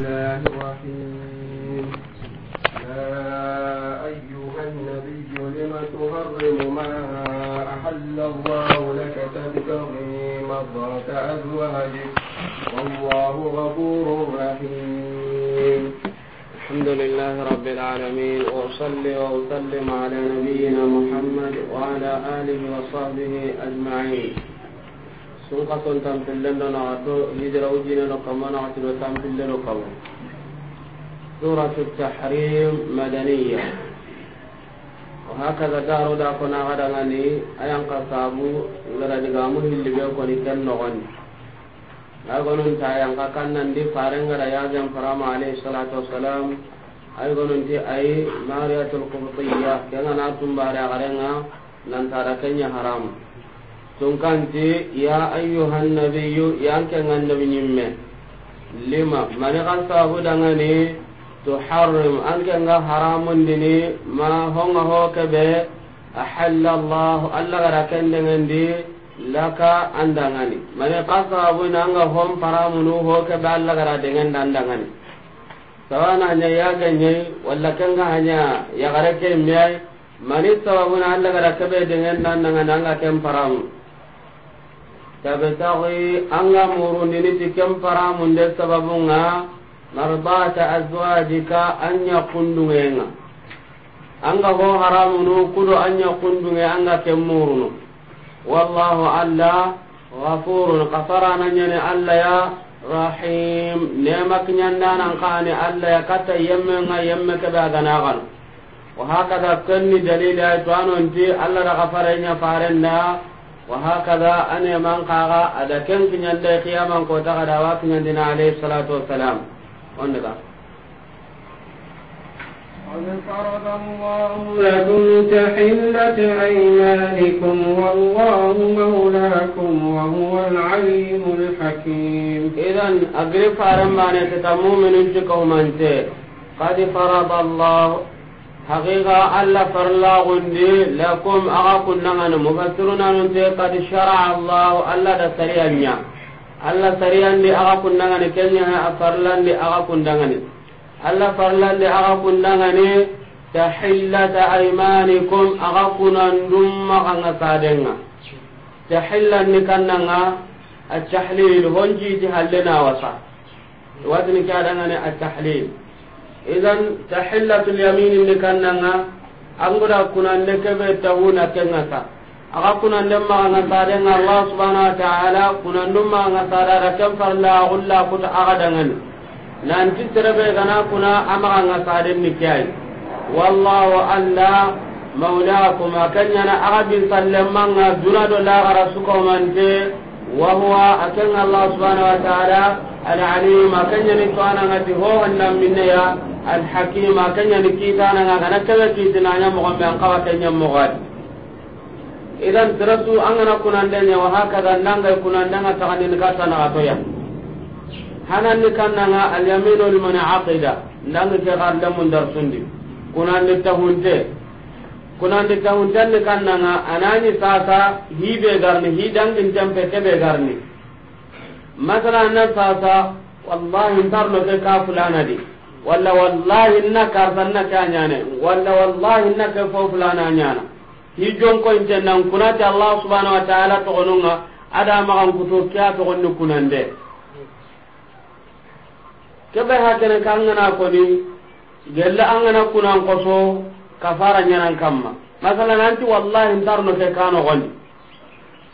الله الرحيم يا أيها النبي لم تهرم ما أحل الله لك تبتغي مرضات أزواجك والله غفور رحيم الحمد لله رب العالمين وأصلي وأسلم على نبينا محمد وعلى آله وصحبه أجمعين sun kason tampillen do naxato hijira ujineno kamma naxatiro tampilleno kamo suratu tahrim madaniya وهكذا دارو دا كنا غدا غني أيان قصابو غدا دقامو اللي بيكوني كن نغني agonun ta yanka kannan di faren gara ya zan farama alayhi salatu wassalam ay gonun ti ay mariyatul qubtiyya kana na tumbare garenga nan tara kenya haram tunkanti ya ayyuhan nabiyyu yanke ngan nabi nyimme lima mani kan sabu dangani tuharrim anke nga haramun dini ma honga ho kebe ahalla allah alla gara kende ngandi laka andangani mani kan sabu nanga hom paramunu ho kebe alla gara dengan dandangani sawana nya ya ganye walla kanga hanya ya gara kemiyai mani sababu na alla gara kebe dengan dandangani anga kem paramu tabtaghi anga murundini ti kem paramunde sababunga marbata azwajika anya kundungenga anga ho haramunu kudo anya kundunge anga kem murunu wallahu alla ghafurun qafarana nyane alla ya rahim nema kinyandanan kane alla ya kata yemme nga yemme kebe ganagan wa hakada kanni dalila to anonti alla da ghafaranya farenda وهكذا أن من قاغا أدا كم في دي قياما كوتا غدا وفي نندنا عليه الصلاة والسلام ونقا قد فرض الله لكم تحلة أيمانكم والله مولاكم وهو العليم الحكيم إذا أقرب فارمان تتمو من انتكم أنت قد فرض الله حقيقة ألا فرلا غندي لكم أغاكم نغن مفسرون أنت قد شرع الله ألا دسريا نيا ألا سريا لي أغاكم نغن كنيا أفرلا لي أغاكم نغن ألا فرلا لي أغاكم نغن تحلة أيمانكم أغاكم نندم أغنى تحلة نكنا التحليل هنجي تهلنا وصح وزن كان التحليل idan tahillatul yamin ni kannanga angoda kunande kebe tahuna kengasa aga kunande ma nga sarenga allah subhanahu wa ta'ala kunandum ma nga sarara kam farla ulla kut aga dangan gana kuna nga ni kyai wallahu alla maulakum aga bin la wa huwa allah subhanahu wa ta'ala al alim ti ho annam minna ya الحكيم كنيا نكيتانا أنا كلا كيتنا أنا مغمي أنقوى كنيا مغادي idan tirasu an gana kunandanya wa hakaza nanga kunandanga tagani ni katana atoya hanan ni kannanga al yaminu liman aqida nanga ke garda mun darsundi kunandi tahunte kunandi tahunte ni kannanga anani sasa hibe garni hidangin jampe kebe garni masala na sasa wallahi tarlo ke ka fulana di walla wallahi na karsan na ta nyane walla wallahi na ka fo fulana nyana hi jon ko inte nan kunati allah subhanahu wa ta'ala to gonunga ada ma an kuto kya to gonni kunande be ha kene kan ngana ko ni gella an ngana kunan ko so kafara nyana kamma nan ti wallahi no ke kano gonni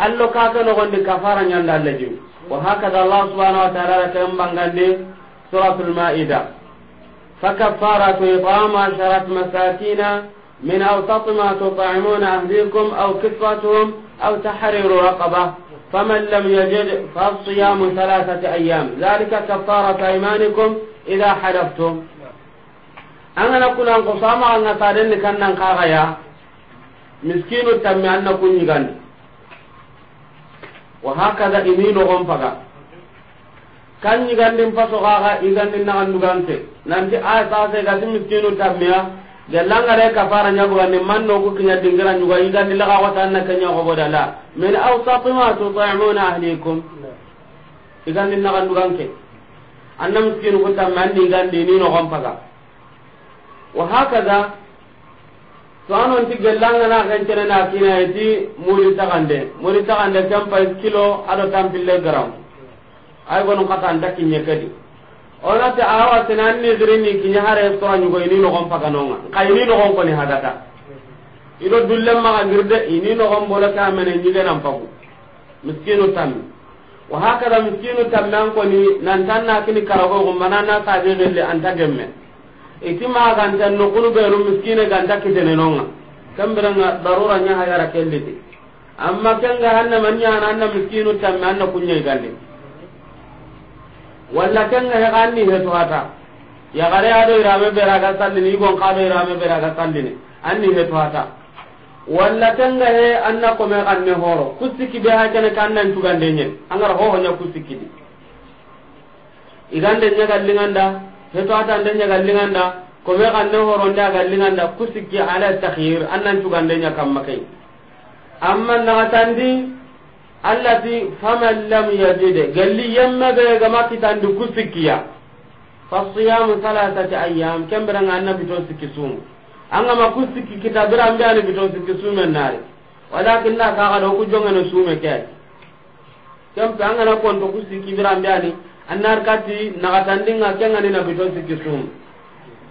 allo ka ka no gonni kafara nyanda allah ji. wa hakada allah subhanahu wa ta'ala ta mbangande suratul ma'idah فكفارة إطعام عشرة مساكين من أوسط ما تطعمون أهليكم أو كسوتهم أو تحرير رقبة فمن لم يجد فالصيام ثلاثة أيام ذلك كفارة أيمانكم إذا حلفتم أنا نقول أن قصامة أن تارين كان نقاغيا مسكين التمي أن نكون وهكذا إمين غنفقا kan yigandin faso kaga yigandin nagan dugante nanti a ah, sase gati miskinu tammiya gallangare kafara ñabugandi man no ku kiña dingira ñuga yigandi laga watanna keña hobodala min ausati ma tutamuna ahlikum yigandin nagan duganke anna miskinu ku tammi andi yigandi ni nogon paga wa hakaza to anonti na kencenena kinayeti muri tagande muri tagande kempa kilo aɗo tampille garam ay gonu kata anda kinye kadi ona ta awa tanan ni zirini kinya har restaurant go ini no gon paga nonga kay ni no gon ko ni hadata ido dulle ma ngirde ini no gon bola ka mena ni de nan pagu miskinu tam wa hakada miskinu tam nan ko ni nan tan na kini karago go manana ta de gelle anta gemme itima ga tan no kunu be ru miskine ga anta kitene nonga kambiranga darura nya hayara kelliti amma kanga hanna manya na miskinu tam anna kunya galle wala. kenga ya kanni he tuata ya gare ado irame bera ga irame bera ga anni he tuata kenga he anna ko me horo kusiki be ha kana tugande nyen ho honya kusiki di igande he tuata ande ko me horo nda kusiki ala takhir annan tugande amma na tandi allati faman lam yajid galli yamma be gama kitandi kusikiya fa siyam thalathati ayyam kembera nganna bito sikisum anga ma kusiki kitabira ambe ani bito sikisum nare walakin la ka gado ku jongana sume ke kem ta anga na konto kusiki bira ambe ani annar kati kenga ni na bito sikisum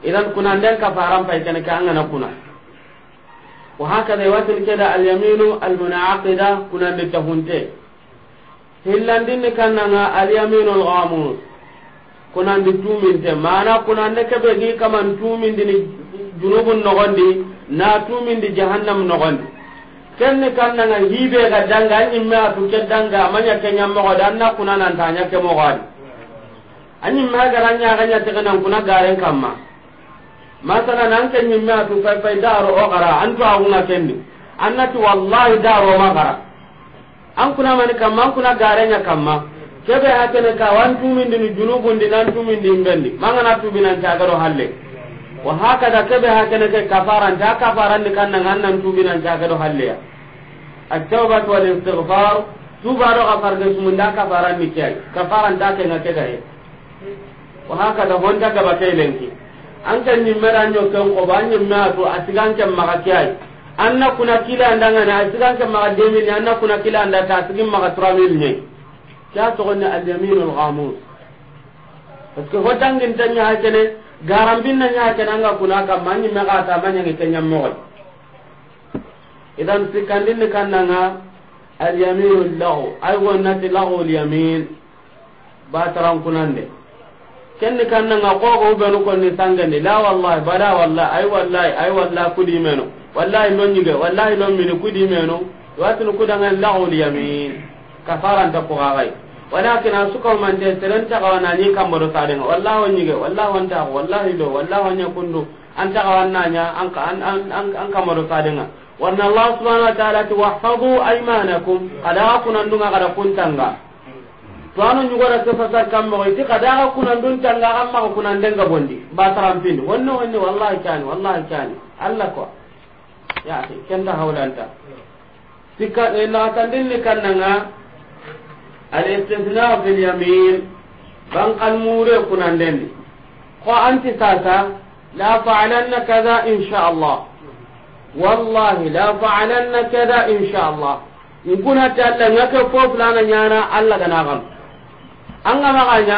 idan kunan den ka faram pai kana ka anga na kuna da وهكذا يوصل كده اليمين المنعقدة كنا للتهونتين hillandinni kannanga alyaminul ghamus kunandi te mana kunande kebe gi kaman tumindini junubun nogondi na tumindi jahannam nogondi kenni kannanga hibe ga danga ma atu ke danga na amanya kenya mogodi anna kunananta anyake mogodi anyimme garanya ganya tegenan kuna garen kama. masala nan ken nyimme atu fay fay daro o gara antu awunga kenni annati wallahi daro ma gara an kuna mani kamma an kuna garenya kamma kebe hakene ka wan tumindi ni junubundi nan tumindi imbendi mangana ta garo halle wa hakada kebe hakene ke kafaran ta kafaran ni tu binan ta garo halle ya at-tawbatu wal istighfar baro kafar de da kafaran ni kai kafaran ta ke ngake gahe wa da honda ba kai lenki anke ñimmera ñokken koɓo a ñimme atu a siganken maxa ke ay an kuna kila andangani a siganken ke deux ni an kuna kila andata a sigin maxa trois mille ñe kea sogoni alyaminu lgamus parce que ho danginta ñaha kene garambinna ñaha kene anga kuna kamma a ñimme xa ta ma ñangi ke ñammoxoy idan sikkandinni kannanga alyaminu lahu ay gonnati lahu lyamin batarankunande kenni kannanga ko ubenu konni sangani la wallahi bada wallahi ay wallahi ay wallahi kudi meno wallahi non nyige wallahi non mini kudi meno watin kudanga la'ul yamin kafaran ta ko wala walakin asuka man de teren ta gawana ni kamaro taden wallahi nyige wallahi ta wallahi do wallahi on kundu an ta gawanna nya an an an an kamaro taden warna allah subhanahu wa ta'ala ti aymanakum aymanakum kada kunandunga kada kuntanga to anu nyugora ke fasar kammo iti kadaga kunan dun tanga amma kunan ga bondi taram pin wonno wonno wallahi kan wallahi kan alla ko ya akhi kenda hawlanta ina eh, la din ni kannanga al istithna fil yamin ban kan mure kunan dendi ko anti sasa la fa'alanna kaza insha Allah wallahi la fa'alanna kaza insha Allah in kunata Allah ngaka ko fulana nyana Allah gana gam an ga maganya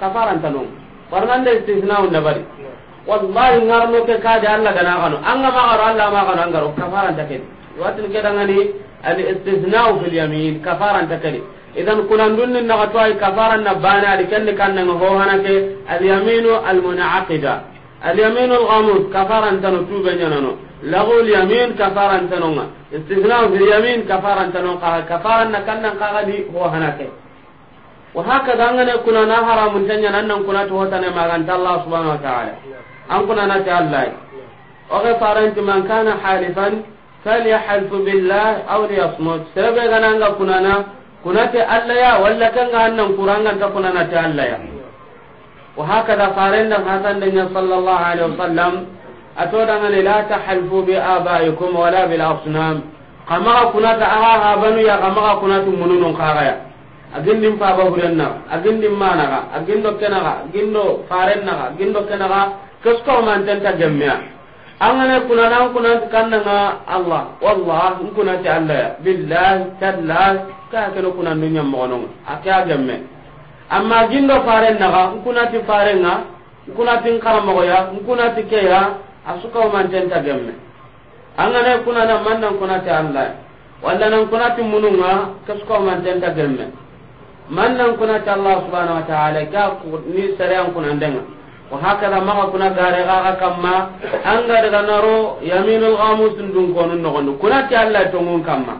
kafaran tanum warnan da istisna on da bari wallahi ngarno ke kaade Allah gana kanu an ga magaro Allah ma kanu an garo kafaran take watin ke dangani al istisna fil yamin kafaran take idan kunan dunnin na wato ay kafaran na bana ali kan kan nan ho hanake al yaminu al munaqida al yaminu al ghamus kafaran tanu tuga nyanano lahu al yamin kafaran tanu istisna fil yamin kafaran tanu ka kafaran na kan na ka di ho hanake wa hakaza ngane kuna na haramun tanya nan nan kuna to magan ta Allah subhanahu wa ta'ala an kuna na ta Allah o faran ti man kana halifan falyahlif billah aw liyasmut sebe gana ga kuna na kuna ta Allah ya walla kan ga nan ga ta kuna na ta Allah ya wa faran da hasan dan ya sallallahu alaihi wasallam da ngane la tahlifu bi abaikum wala bil asnam kama kuna ta aha banu ya kama kuna tu mununun kharaya agindim faba hurennaga agindim managa agindo kenaga agindo farennaga agindo kenaga keskoomantenta gemmea angane kunanan kunanti kannanga allah wallah nkunanti allah ya billahi tallahi kakeno kunandu ñammogononga ake a gemme amma agindo farennaga nkunati farenga nkunati nkaramogoya nkunati keya asukaomantenta gemme angane kunana mannan kunati allah ya walla nan kunati mununga keskoomantenta gemme man nan kuna ta Allah subhanahu wa ta'ala ka ni saran kuna ndanga wa hakala maka kuna gare ga ga kamma an ga daga naro yaminul ghamus dun kono no kono kuna ta Allah to mun kamma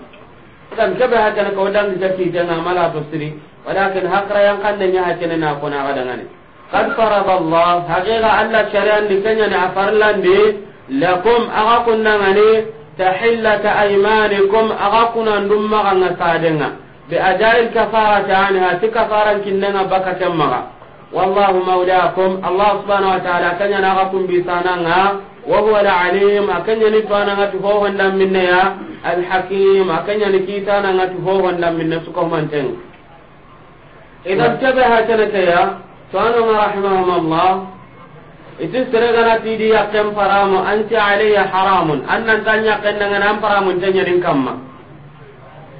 kan ke ba hakana ko dan ta ti ta mala to siri walakin hakra yang kan nya ne na kuna ga dangane qad farada Allah haqiqa Allah syari'an dikanya na farlande lakum aga kunna ne tahillata aymanikum aga kunan dumma ga ngasadenga bi ajal kafarati anha ti kafaran kinnenga baka kemmaga wallahu maulakum allah subhanahu wa ta'ala kanya naga bi sananga wa huwa alalim akanya ni tananga tu ho honda minna ya alhakim akanya ni kitananga tu ho honda minne suko manteng idan tabaha tanaka ya tanama rahimahumullah itu seregana tidi yakem paramu anti alayya haramun annan tanya kannanga nan paramun tanya din kamma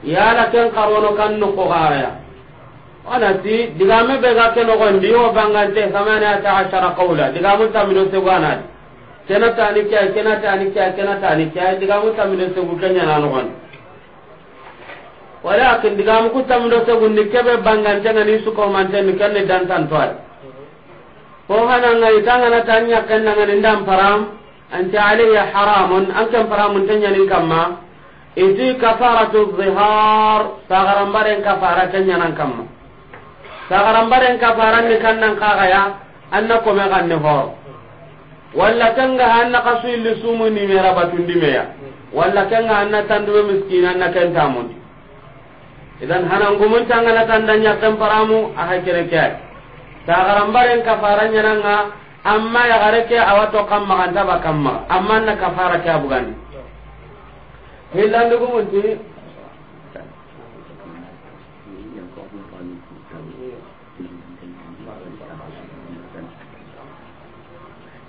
yala ken karono kan no ko garaya anati digame be ga ken ogon di o bangante samana ta ashara qawla digamu tamino se gwana kena tani kya kena tani kya kena tani kya digamu tamino se gukanya nanu gon walakin digamu ku tamino se gunni kebe bangante ngani su ko mante ni kan dan tan toy ko hana ngai na tanya kan ngani ndam param anta alayya haramun an kan paramun tanya ni kamma iti kafaratu zihar sagarambaren kafara tanyanan kamma sagarambaren kafara ni kannan kagaya anna kome ganne horo walla kanga anna kasu illi sumu ni mera batundi meya walla kanga anna tandume miskin anna kenta mundi idan hanan gumun tangana tandanya temparamu aha kere kaya sagarambaren kafara nyananga amma ya gareke awato kamma kantaba kamma amma anna kafara kya bugani hilang hillandigumunti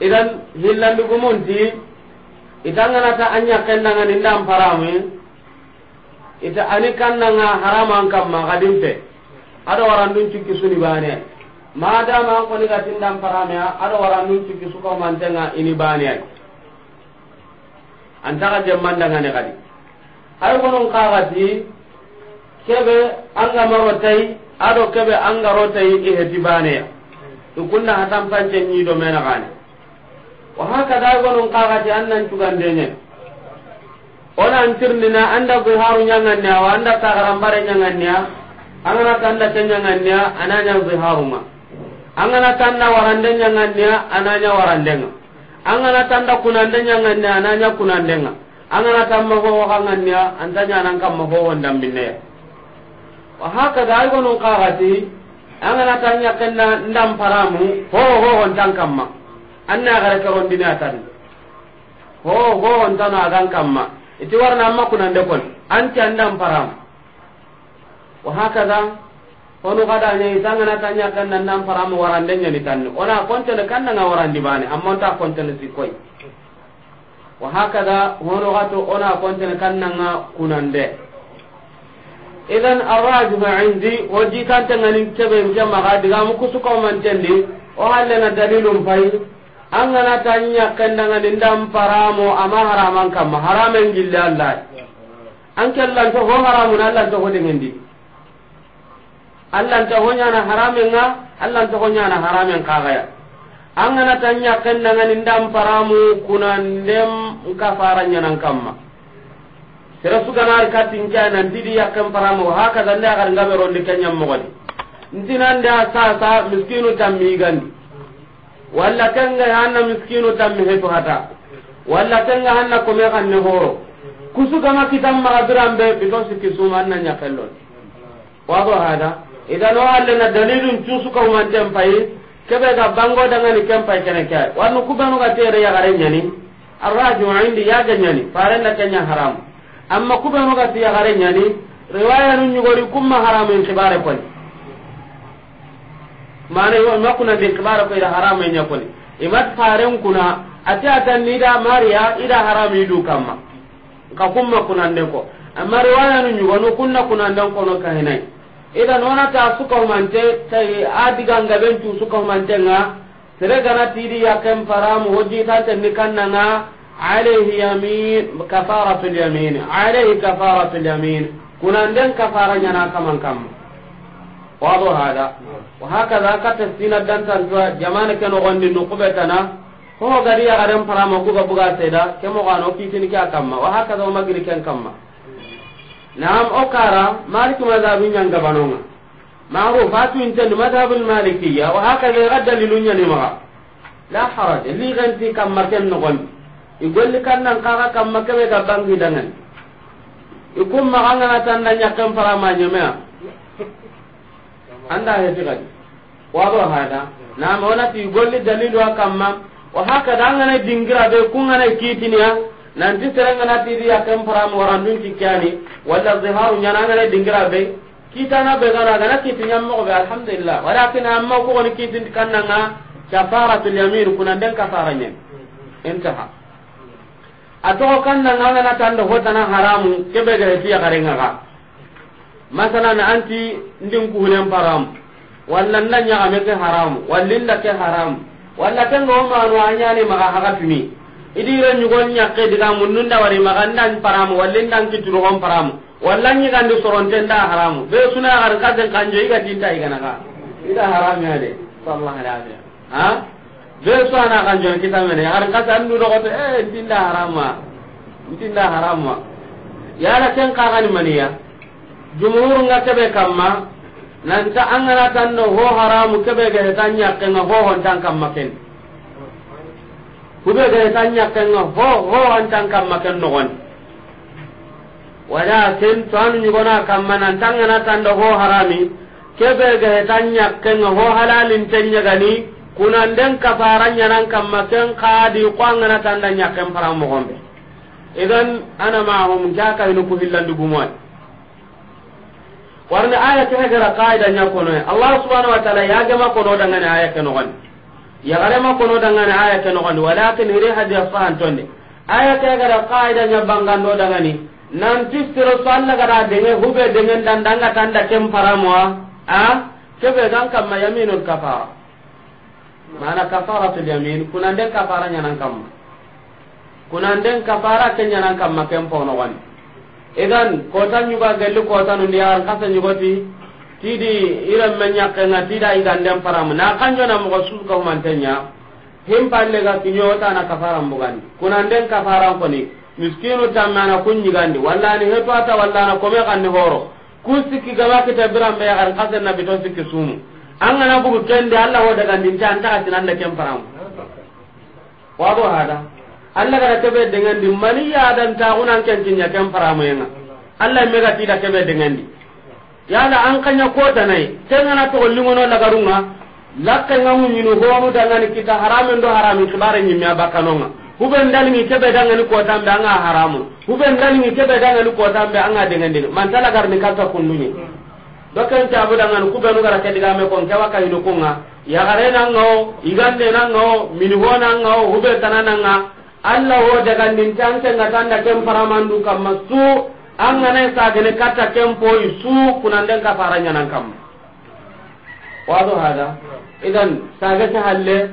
idan hillandigumunti itanganata a ñakkendangani indam parami ita anikan nanga haram angkam kadin ada orang warandun cukki suni bane madama an koni gatin parami, ada orang warandun kisuka mantenga ini bane antara antaka jemmandangani kadi ay gonon kaxati keɓe anga marotai aɗo keɓe anga rotai i heti baneya ikunna hatan pance ñiido menaxane wa hakada ay gonon kaxati an nan cugandeñen onan tirnina anda ziharu ñanganniya wa anda taxarambare ñanganniya angana tanda ke ñanganniya anaña ziharuma angana tanda warande ñanganniya anaña warandenga angana tanda kunande ñanganniya anaña kunandenga angana tamma ho hanganya antanya nan kamma ho wandam binne wa haka da ay gonon qagati angana tanya kenna ndam paramu ho ho wontan kamma anna gara ka gondine tan ho ho wontan agan kamma iti warna amma kuna ndekon anti andam param wa haka da hono kada ne tangana tanya kenna ndam paramu warandenya ni tan ona konta kan na warandi bane amma ta konta ni sikoi wa hakada hono gato ona kontene kannanga kunande idan arraju indi wajji kante ngani kebe nje maga diga mu kusuko mantendi o halle na dalilum ta angana tanya kendanga nindam paramo ama haraman kam haramen gilla allah an kellan to ho haramun allah to hodi ngendi allah to honya na haramen nga allah to honya na haramen kagaya an angana tanya kenna ngani ndam faramu kuna ndem kafaranya nan kamma sira suka na katin kana ndidi yakam faramu haka dan da gar ngabe ronde kenya mogodi ntinan da sa sa miskinu tammi gandi walla kanga hanna miskinu tammi heto hata walla kanga hanna kome me ne horo kusu kama kitam magaduran be bitosi kisuma nan nyakellon wado hada idan wa na dalilun tusuka man tempayi kebe ga bango dangani kempa kene kai warnu kubanu ga tere ya gare nyani arraju indi ya ga nyani farenda kenya haram amma kubanu ga tere ya gare nyani riwaya nu nyugori kumma haram en kibare ko mana yo kuna bin kibare ko ira haram en yakoni imat faren kuna ati atan ni da mariya ida haram idu kamma ka kumma kuna ko amma riwaya nu nyugonu kunna kunande ko no kahinai idan ona ta humante ta a diga adiga ngaben tu suka humante mante nga tere gana tidi ya kan faramu hoji ta tan ni kannanga alayhi yamin kafaratul yamin alayhi kafaratul yamin kunan den kafara nyana kaman kam wado hada wa haka za ka tasina dan tan tuwa jamana kan gondi nu kubetana ho gari ya garan faramu ku ga buga sai seda kemo gano kitini ka kamma wa haka za magri kan kamma naam o kara malik madhabu ñangabanonga maruf atu intendi madhabu lmalikiya wa hakada ga dalilu ñanimaxa la haraja li genti kamma ken nogondi i golli kannan kaxa kamma keɓe ga bangidangan i kum maxa ngana tanna ñakken farama ñemea anda heti gadi wado hada naam onati i golli dalilu a kamma wa hakada a ngana dingira ɓe ku ngana kiitiniya nanti serengana tidi yaken param warandun kikkani walla ziharu ñanangana dingira be kitana be gana gana kiti ñammogo be alhamdulillah walakin amma kogoni kitinti kannanga kafaratul yamin kunanden kafara ñen intaha atogo kannanga ngana tanda hotana haramu kebe gereti yakarengaga masalan anti ndin kuhulen paramu walla nda ñagame ke haramu wallinda ke haramu wala kenga wo manu a ñani maga haga tumi idire ñugol ñakke diga munnunda wari maga ndan paramu walla ndan kiturugon paramu walla ñigandi soronte nda haramu be suna har kasen kanjo iga tinta iganaka ida ya de sallallahu alaihi ha be suana kanjon kitamene har kasa andu nogoto e eh, ntinda harama ntinda harama yala ken kagani maniya jumhur nga kebe kamma nanta angana tanno ho haramu kebe ga hetan ñakke nga ho hontan kamma ken kube ga ta nga ho ho antan kamma ken nogon walakin to anu nyigona tan na tan do ho harami kebe ga ta nga ho halalin tenya gani kunan den nya nan kamma ken qadi da tanda nyakken param be idan ana ma hum ka inu ku hillandu gumon warne aya ta gara qaida nya kono Allah subhanahu wa ta'ala ya gama kono dangane aya nogon. yagarema kono dangani aya ke nogondi walakin iri hadiya fahantonde aya ke gara qaida nya bangando dangani nanti siro salla gara denge hube denge dandanga tanda kem paramwa a kebe gan kamma yaminul kafara mana kafaratul yamin kunande kafara nya nan kamma kunande kafara kenya nan kamma kem pono wani idan kota nyuga gelu kota nundi ar kasa nyugoti tidi iremme ñakkenga tida iganden paramu na kanjona mogo na kafaram kiñowotana kafaran bugandi kunanden kafaran koni miskinu tamme ana kun ñigandi wallani hetu ata wallana kome ni horo kun sikki gaba be biranɓe yakari kasenna bito sikki sumu an na bugu kende allah ho tan na kem ken wa bo hada allah gara keɓe degendi mani unan ken kem ken yana allah mega tida dengan di. yala an kanya kota nai na to lingono lagarunga lakka ngamu minu homu ni kita haramun ndo haramun kibare nyimya bakanonga huben dalmi kebe dangani kota mbe anga haramu huben dalmi kebe dangani kota mbe anga dengendin mantala garni kanta kunnuni dokan ta budangan kubenu gara diga me kon kewa kayi dukunga ya gare nango igande ngo minu ho ngo huben tanananga alla ho daga nin tanke ngatanda kem paramandu kamma su an ganai sagene katta ken poyi su kunanden ka fara ñanan kamma wado hada idan sage se halle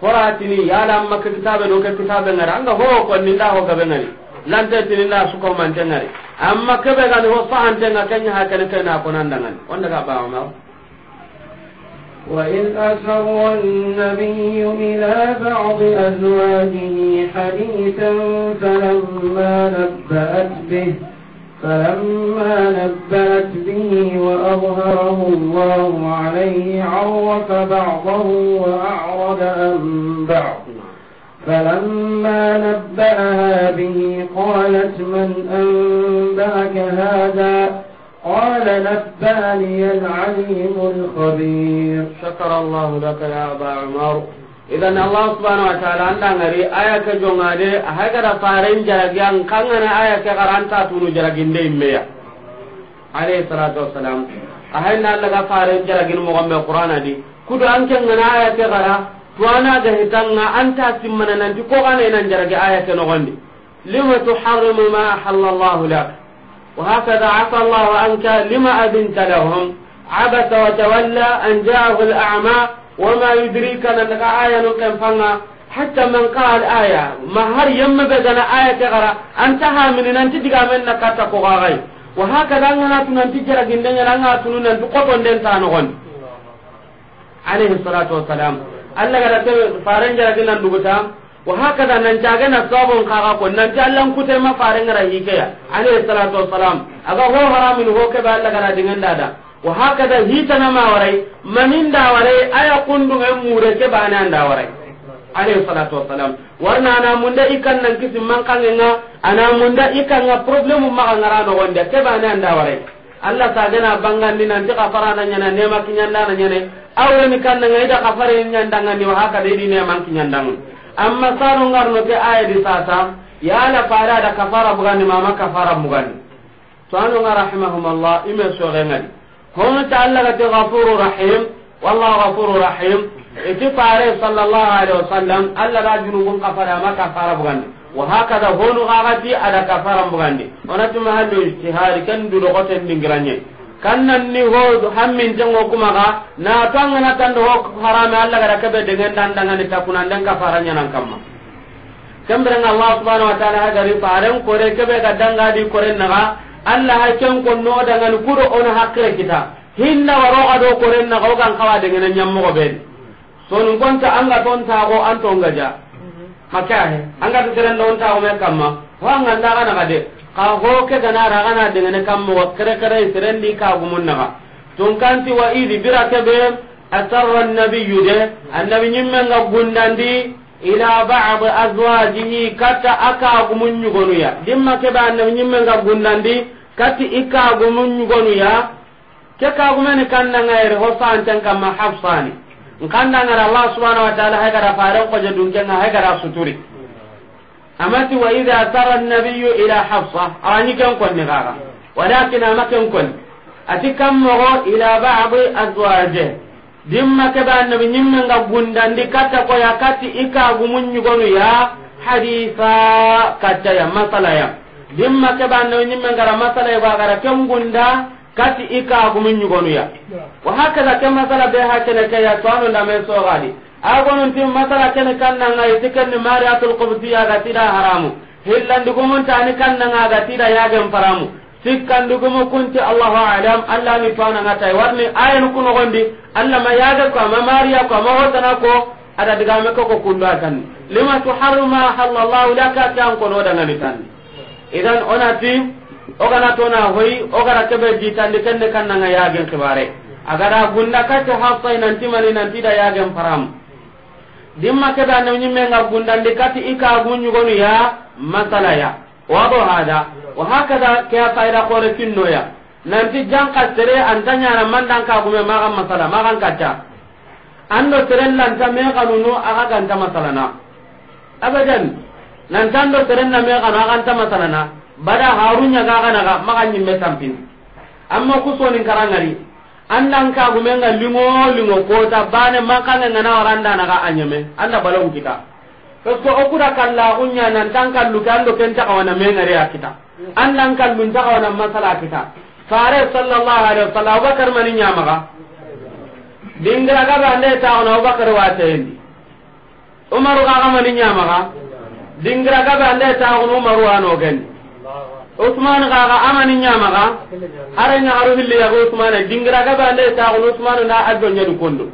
horatini yala amma ke kitabe do ke kitabe ngara anga ho ko ni da ho gabe ngari lante tini na su ko man ngari amma ke be gani ho fa an tenga kenya ha kan ke na ko nan dangan onda ga ba ma وإذ أسر النبي إلى بعض أزواجه حديثا فلما نبأت به فلما نبأت به وأظهره الله عليه عرف بعضه وأعرض عن بعض فلما نبأها به قالت من أنبأك هذا قال نبأني العليم الخبير شكر الله لك يا أبا عمر idan allah subhanahu wa ta'ala anda ngari aya ke jongade aha gara faren jaragian kangana aya ke garanta tunu jaraginde meya. alayhi salatu wassalam aha na allah ga faren jaragin mo gambe qur'ana di kudu an ke ngana aya ke gara to ana ga hitanga anta simmana nan di ko kana nan jaragi aya ke no gondi lima tuharrimu ma ahalla allah lak wa hakadha asa allah anka lima adinta lahum abasa wa tawalla an ja'ahu al a'ma wama yudrika na daga aya no kan fanga hatta man qal aya ma har yamma be gana aya ta gara anta ha min nan ti diga men na kata ko gagai wa haka dan ngana tun nan ti jara ginde nan ngana tun nan to koton den ta no gon alaihi salatu wassalam Allah ga ta faran jara ginde nan dubuta wa haka dan nan jaga na sabon kaga ko nan ti Allah kutai ma faran gara hikeya alaihi salatu wassalam aga ho haramin ho ke ba Allah ga na dingan dada wa hakada hitana ma warai manin da warai aya kundu ngai mure ke bana da warai alayhi salatu wassalam warna na munda ikan nan kisi man kangenga ana munda ikan ga problemu ma ngara do wonde ke bana da warai Allah ta gana bangan ni nan ka farana nyana ne ma da na nyane awre mi kan ngai da kafare nyanda ngani wa hakada idi ne man kinyanda amma sanu ngarno ke aya di sasa ya la fara da kafara bugani mama kafara bugani to anu ngarahimahumullah ime so ngani kono ta allah gati ghafuru rahim wallahu ghafuru rahim iti fare sallallahu alaihi wasallam allah da junubun kafara ma kafara bugandi wa hakada honu gagati ada kafara bugandi onati mahallu ijtihadi kan du logoten dingiranye kannan ni ho hammin jango kuma ga na tanga na tan do harame allah gara kebe dengan dan dan ni takuna dan kafaranya nan kamma kambere allah subhanahu wa taala kore kore allah ha ken ko no daga ni kudo on hakre kita hinna waro ado ren na ko kan kawa daga nan nyammo ben so nun gonta anga ton ta go an ton gaja maka mhm. he anga to ren don ta o me kamma wa anga da kana kade ka ho ke dana ra gana daga ne kammo kare kare di ka gumun na tun ti wa idi birake be an annabiyyu de annabi men ga gundandi ila ba'd azwajihi kata aka gumun nyugonu ya dimma ke ba nan nyimme ga gunnandi kati ika gumun nyugonu ya ke ka gumen kan nan ayre hosan tan kama hafsani kan nan Allah subhanahu wa ta'ala haga ra faran ko jadun kan suturi amati wa idha tara an-nabiyyu ila hafsa arani kan kon ni gara walakin amakan kon ati kam mo ila ba'd azwajihi dimma ke ba annabi nyimme nga ndi katta ko ya katti ika gumun gonu ya haditha katta ya masala ya dimma ke ba annabi nyimme ra masala ya ra kem gunda kati ika gumun gonu ya wa hakaza kem masala be ha ke ya tawano na me so gadi agonun tim masala ne kan na ngai tikan ni mariatul qubtiya ga tida haramu hillan dugumun tani kan na ga tida ya gem faramu sikkandugumu kunti allahu alam allah ni panangatai warni ayenu kunogondi allah ma yaga ko ama mariya ko ama hotana ko ada digame koko kundo atanni lima tuharuma halla llahu laka kan kono dangani tanni idan onati ogana tona hoyi ogara keɓe jitandi kenne kannanga yagen kibare agara gunda ka kacce hafsai nantimani nantida yagen param dimma keɓe annañimmenga gundandi kati ikaguñugonu ya masala ya wado hada wa hakada ke a fayda kore ya nanti janka sere anta ka mandan ma magan masala magan kaca ando seren lanta me kanuno aga ganta masalana abadan do seren na me kanu masala na bada harunya ga kana ga magan nyimme tampin amma nin karangari ka kagume nga lingo lingo kota bane na ngana waranda naga anyeme anda balong kita parce que okuda kalla kunya nan tan kallu kando kenta kawana mengare akita andan kan min taxa wana masala kita fare sallallahu alaihi wasallam abubakar mani ñamaxa dingira gabe ande taxona abubakar wateyendi umaru kaxa mani ñamaxa dingira gabe ande taxona umaru wanogendi usman kaxa amani ñamaxa hare ñaxaru hilliyaga usmane dingira gabe ande taxona usmanu nda addo ñedu kondu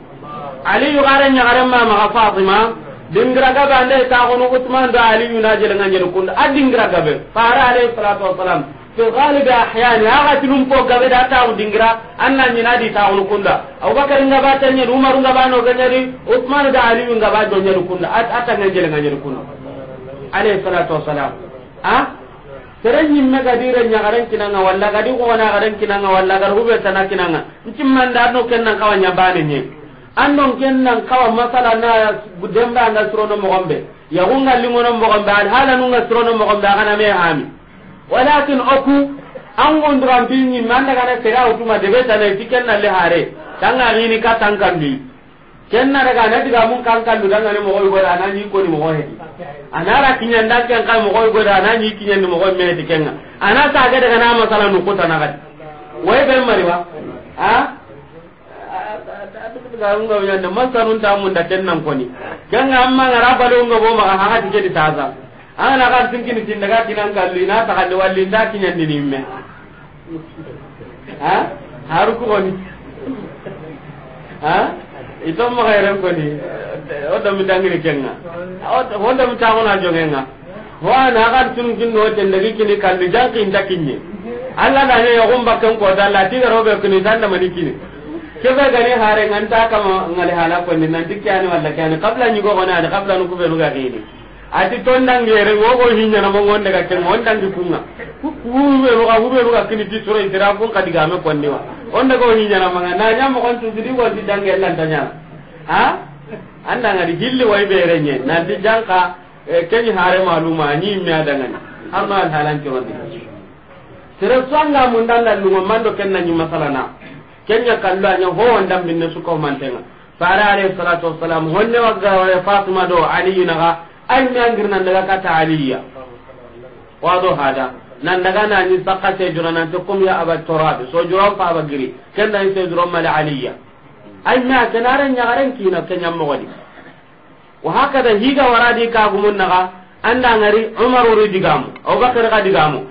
aliyu xare ñaxaren mamaxa fatima dingira gabe ande taxonu usman do aliyu na jelenga ñeni kunda a dingira gabe fara alayhi salatu wasalam fi galibi ahyani axatinum po gabe da taxu dingira an na ñinadi taxunu kunda abubakar ngaba ta ñeni umaru ngaba noga ñeni usman do aliyu ngaba do ñeni kunda a tangen jelenga ñeni kunda alayhi salatu wasalam a sere ñimme gadi re ñagaren kinanga walla gadi xogona garen kinanga walla gar huɓe tana kinanga ntimmanda no ken nan kawa ñabane ñeng andon ken nan kawa masala na demba anda sirono mogombe yagunga lingono mogombe ad hala nunga sirono mogombe agana me hami walakin oku angon duran binyi manda kana tega utuma debe tane tiken na le hare tanga ngini ka tangkandi ken na daga na diga mun kan kan dudan ngani mogoy goda anani ko ni mogoy anara kinyan dan kan kan mogoy goda anani kinyan ni mogoy me tikenga anata ga daga na masala nu kota na gadi way be mariwa ha garunga yanda masarun ta mun da tennan koni ganga amma ngara balonga bo ma ha hadi ke ditaza ana ga tinki ni tinda ga kinan kallu ina ta kallu walli nda kinya ni nimme ha haru ko ni ha ito mo ga ren koni o do mi dangiri kenga o do mi ta ona jongenga ho ana ga tun kin no tenda gi kini kallu da takinye Allah na ne yo gumba kan ko da Allah tinga robe kini tanda manikini kebe gani hare ngan ta kama ngale hala ko ni nan ani walla kani qabla ni go gona da qabla ni ku be ruga gini ati ton dang yere wo go hinna na mongon daga ken mon dang di kunna ku be ruga ku be ruga kini ti sura itira ko ka diga me ko ni wa on daga hinna na ma na nya mo kon tu di wo di dang lan tanya ha anda ngadi hilli wai be renye na di janka e, ken hare maluma ni mi ada ngani amma halan ke wani sere songa mun dan dan lu mando ken na ni masalana kenya kallo anya ho wanda minne su ko mantenga fara alayhi salatu wassalam honne wagga wa fatima do ali naga ay nyangir nan daga ka kata aliya wado hada nan daga na ni sakka te jura nan to kum ya aba torabi so jura fa aba giri kenda ni te jura mal aliya ay na garan ki kina kenya mo wadi wa hakada higa waradi ka gumun naga anda ngari umaru ridigamu abubakar ka digamu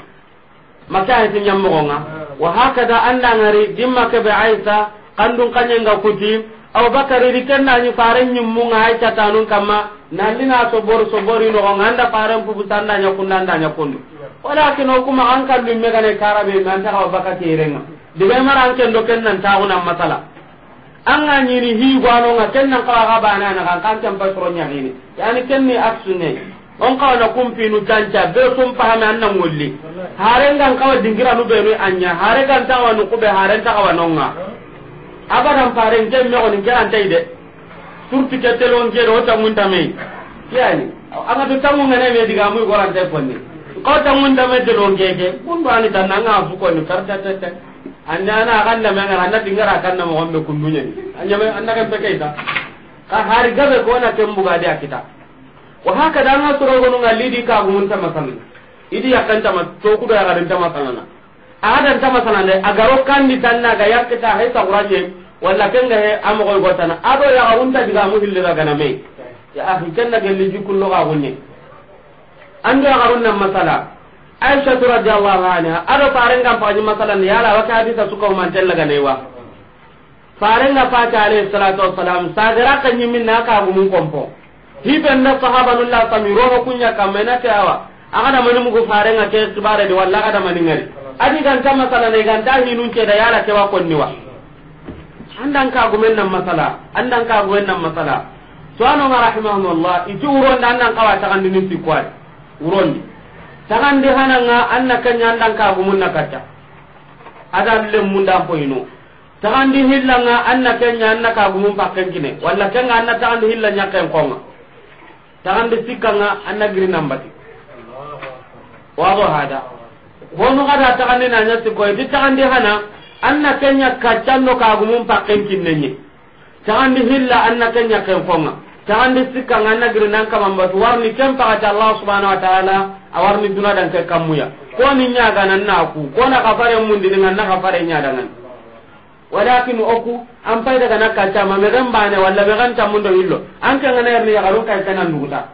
maka hatin nyammo ngonga wa hakada anda ngari dimma ke be aisha kandung kanyenga kuti aw bakari dikenna ni faren nyimmunga aisha tanun kama nallina so bor so bori no nganda faren pu butanda nya kunanda nya kundu walakin hukuma an kan kallu megane karabe man ta aw bakati renga dibe maran mara an ken nan tauna masala an ga nyini hi gwano nga ken nan kawa ga bana na kan kan tan pasro nya ni yani ken ni ne. on kawana kumpinu canca be sum pahame anna ngolli harengan kawa dingiranu benu anya wani tawa haren ta kawa nonga abadan paren ke megoni kerantai de surtu ke telon ke do tamun tame yani anga to tamun ngane me diga mu goran tay fonni ko tamun tame de don keke kun do ani tan nga fu ko ni karta tata anya na kan da menga anda dingara kan na mo be kundunya anya me anda kan peketa ka hari gabe ko na tembuga dia kita wa haka da na soro gonu ngalli di ka gumun ta masanna idi ya kan ta ma to ku da garin ta masanna adan ta masanna ne agaro kan di na ga yakta hay sa qur'ani walla ga he am go tana ado ya garun ta diga mu ga gana me ya kan ah, kenna gelli kullu ga gunne an da garun nan masala aisha radhiyallahu anha ado ga faji masalan yala waka hadisa ko man tella ga ga fa ta alayhi salatu wassalam sagara kan yimin na ka gumun kompo hibenna la sami roho kunya kamena tawa agada mani mugu nga ke tibare de walla agada mani ngari adi ta masala ne ganta hinun ce da yala wa konniwa andan ka gumen nan masala andan ka gumen nan masala to ano ma rahimahumullah itu uron dan nan kawa ta kandini ti kwai uron ni ta kandi hananga annaka nyandan ka gumun nakata ada le munda poino ta kandi hillanga annaka nyandan ka gumun pakken kine walla kan annata kandi hillanya kan konga taxande sikkanga anna giri nambati wago hada honu gada taxande naña sikkoye ti taxandi hana anna kenya kaccanno kagumum pakken kinnenye taxandi hilla anna kenya ken fonga taxandi sikkanga anna giri nan kamambati warni ken paxati allah subhanau wa taala a warni dunadanke kammuya koni ñaganan na ku kona xafare mundininga na xafare ñadangan walakin oku an pay daga na kanta ma me gamba bane walla me ganta mun do illo an kan ngana yarni ya garu kai kana nuguta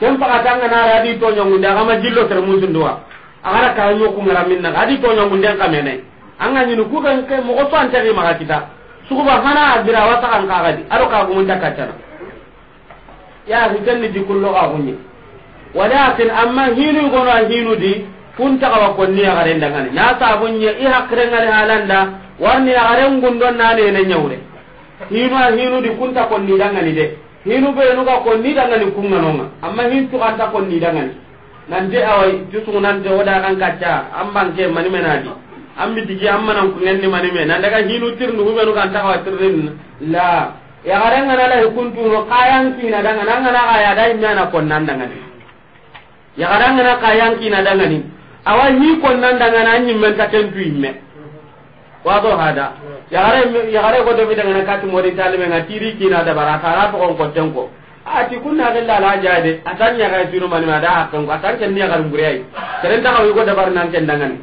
kem pa katanga na radi to nyongu da kama jillo ter musun doa agara ka nyo ku ngara minna adi to nyongu den kame ne an ngani nu ku kan ke mo ko fan tari ma kita suku ba hana adira wata kan ka gadi aro ka gumun ta kacana ya hitan ni jikullo ka gunni walakin amma hinu gono hinu di kun ta ka wa konni ya da ngani na ta gunni i hakren ngale halanda warni agaren gundon nanene ñawde hinu a hinu di kunta konni ni de hinu ɓenuga konni dangani kunganonga amma hin cuganta konni dangani nante awai tusugunante wodakan kacca an banke manimenadi an bitigi an manan kungenni manime nandaga hinu tirni huɓenuganta awa tirnin la yagarengana lahi kuntuno kayankina dangani angana kaya da himmeana konnan dangani yagarangana kayankina dangani awa hi konnan dangani an ñimmen taken tu yimme wado hada yagare yagare ko do bidanga kati modi talime nga tiri kina da bara tara to kon kotten ko ati kunna gella la jade atanya ga tiro mani ma da hakan ko atan ken ya garum guriyai keren ta ko da bar nan ken dangan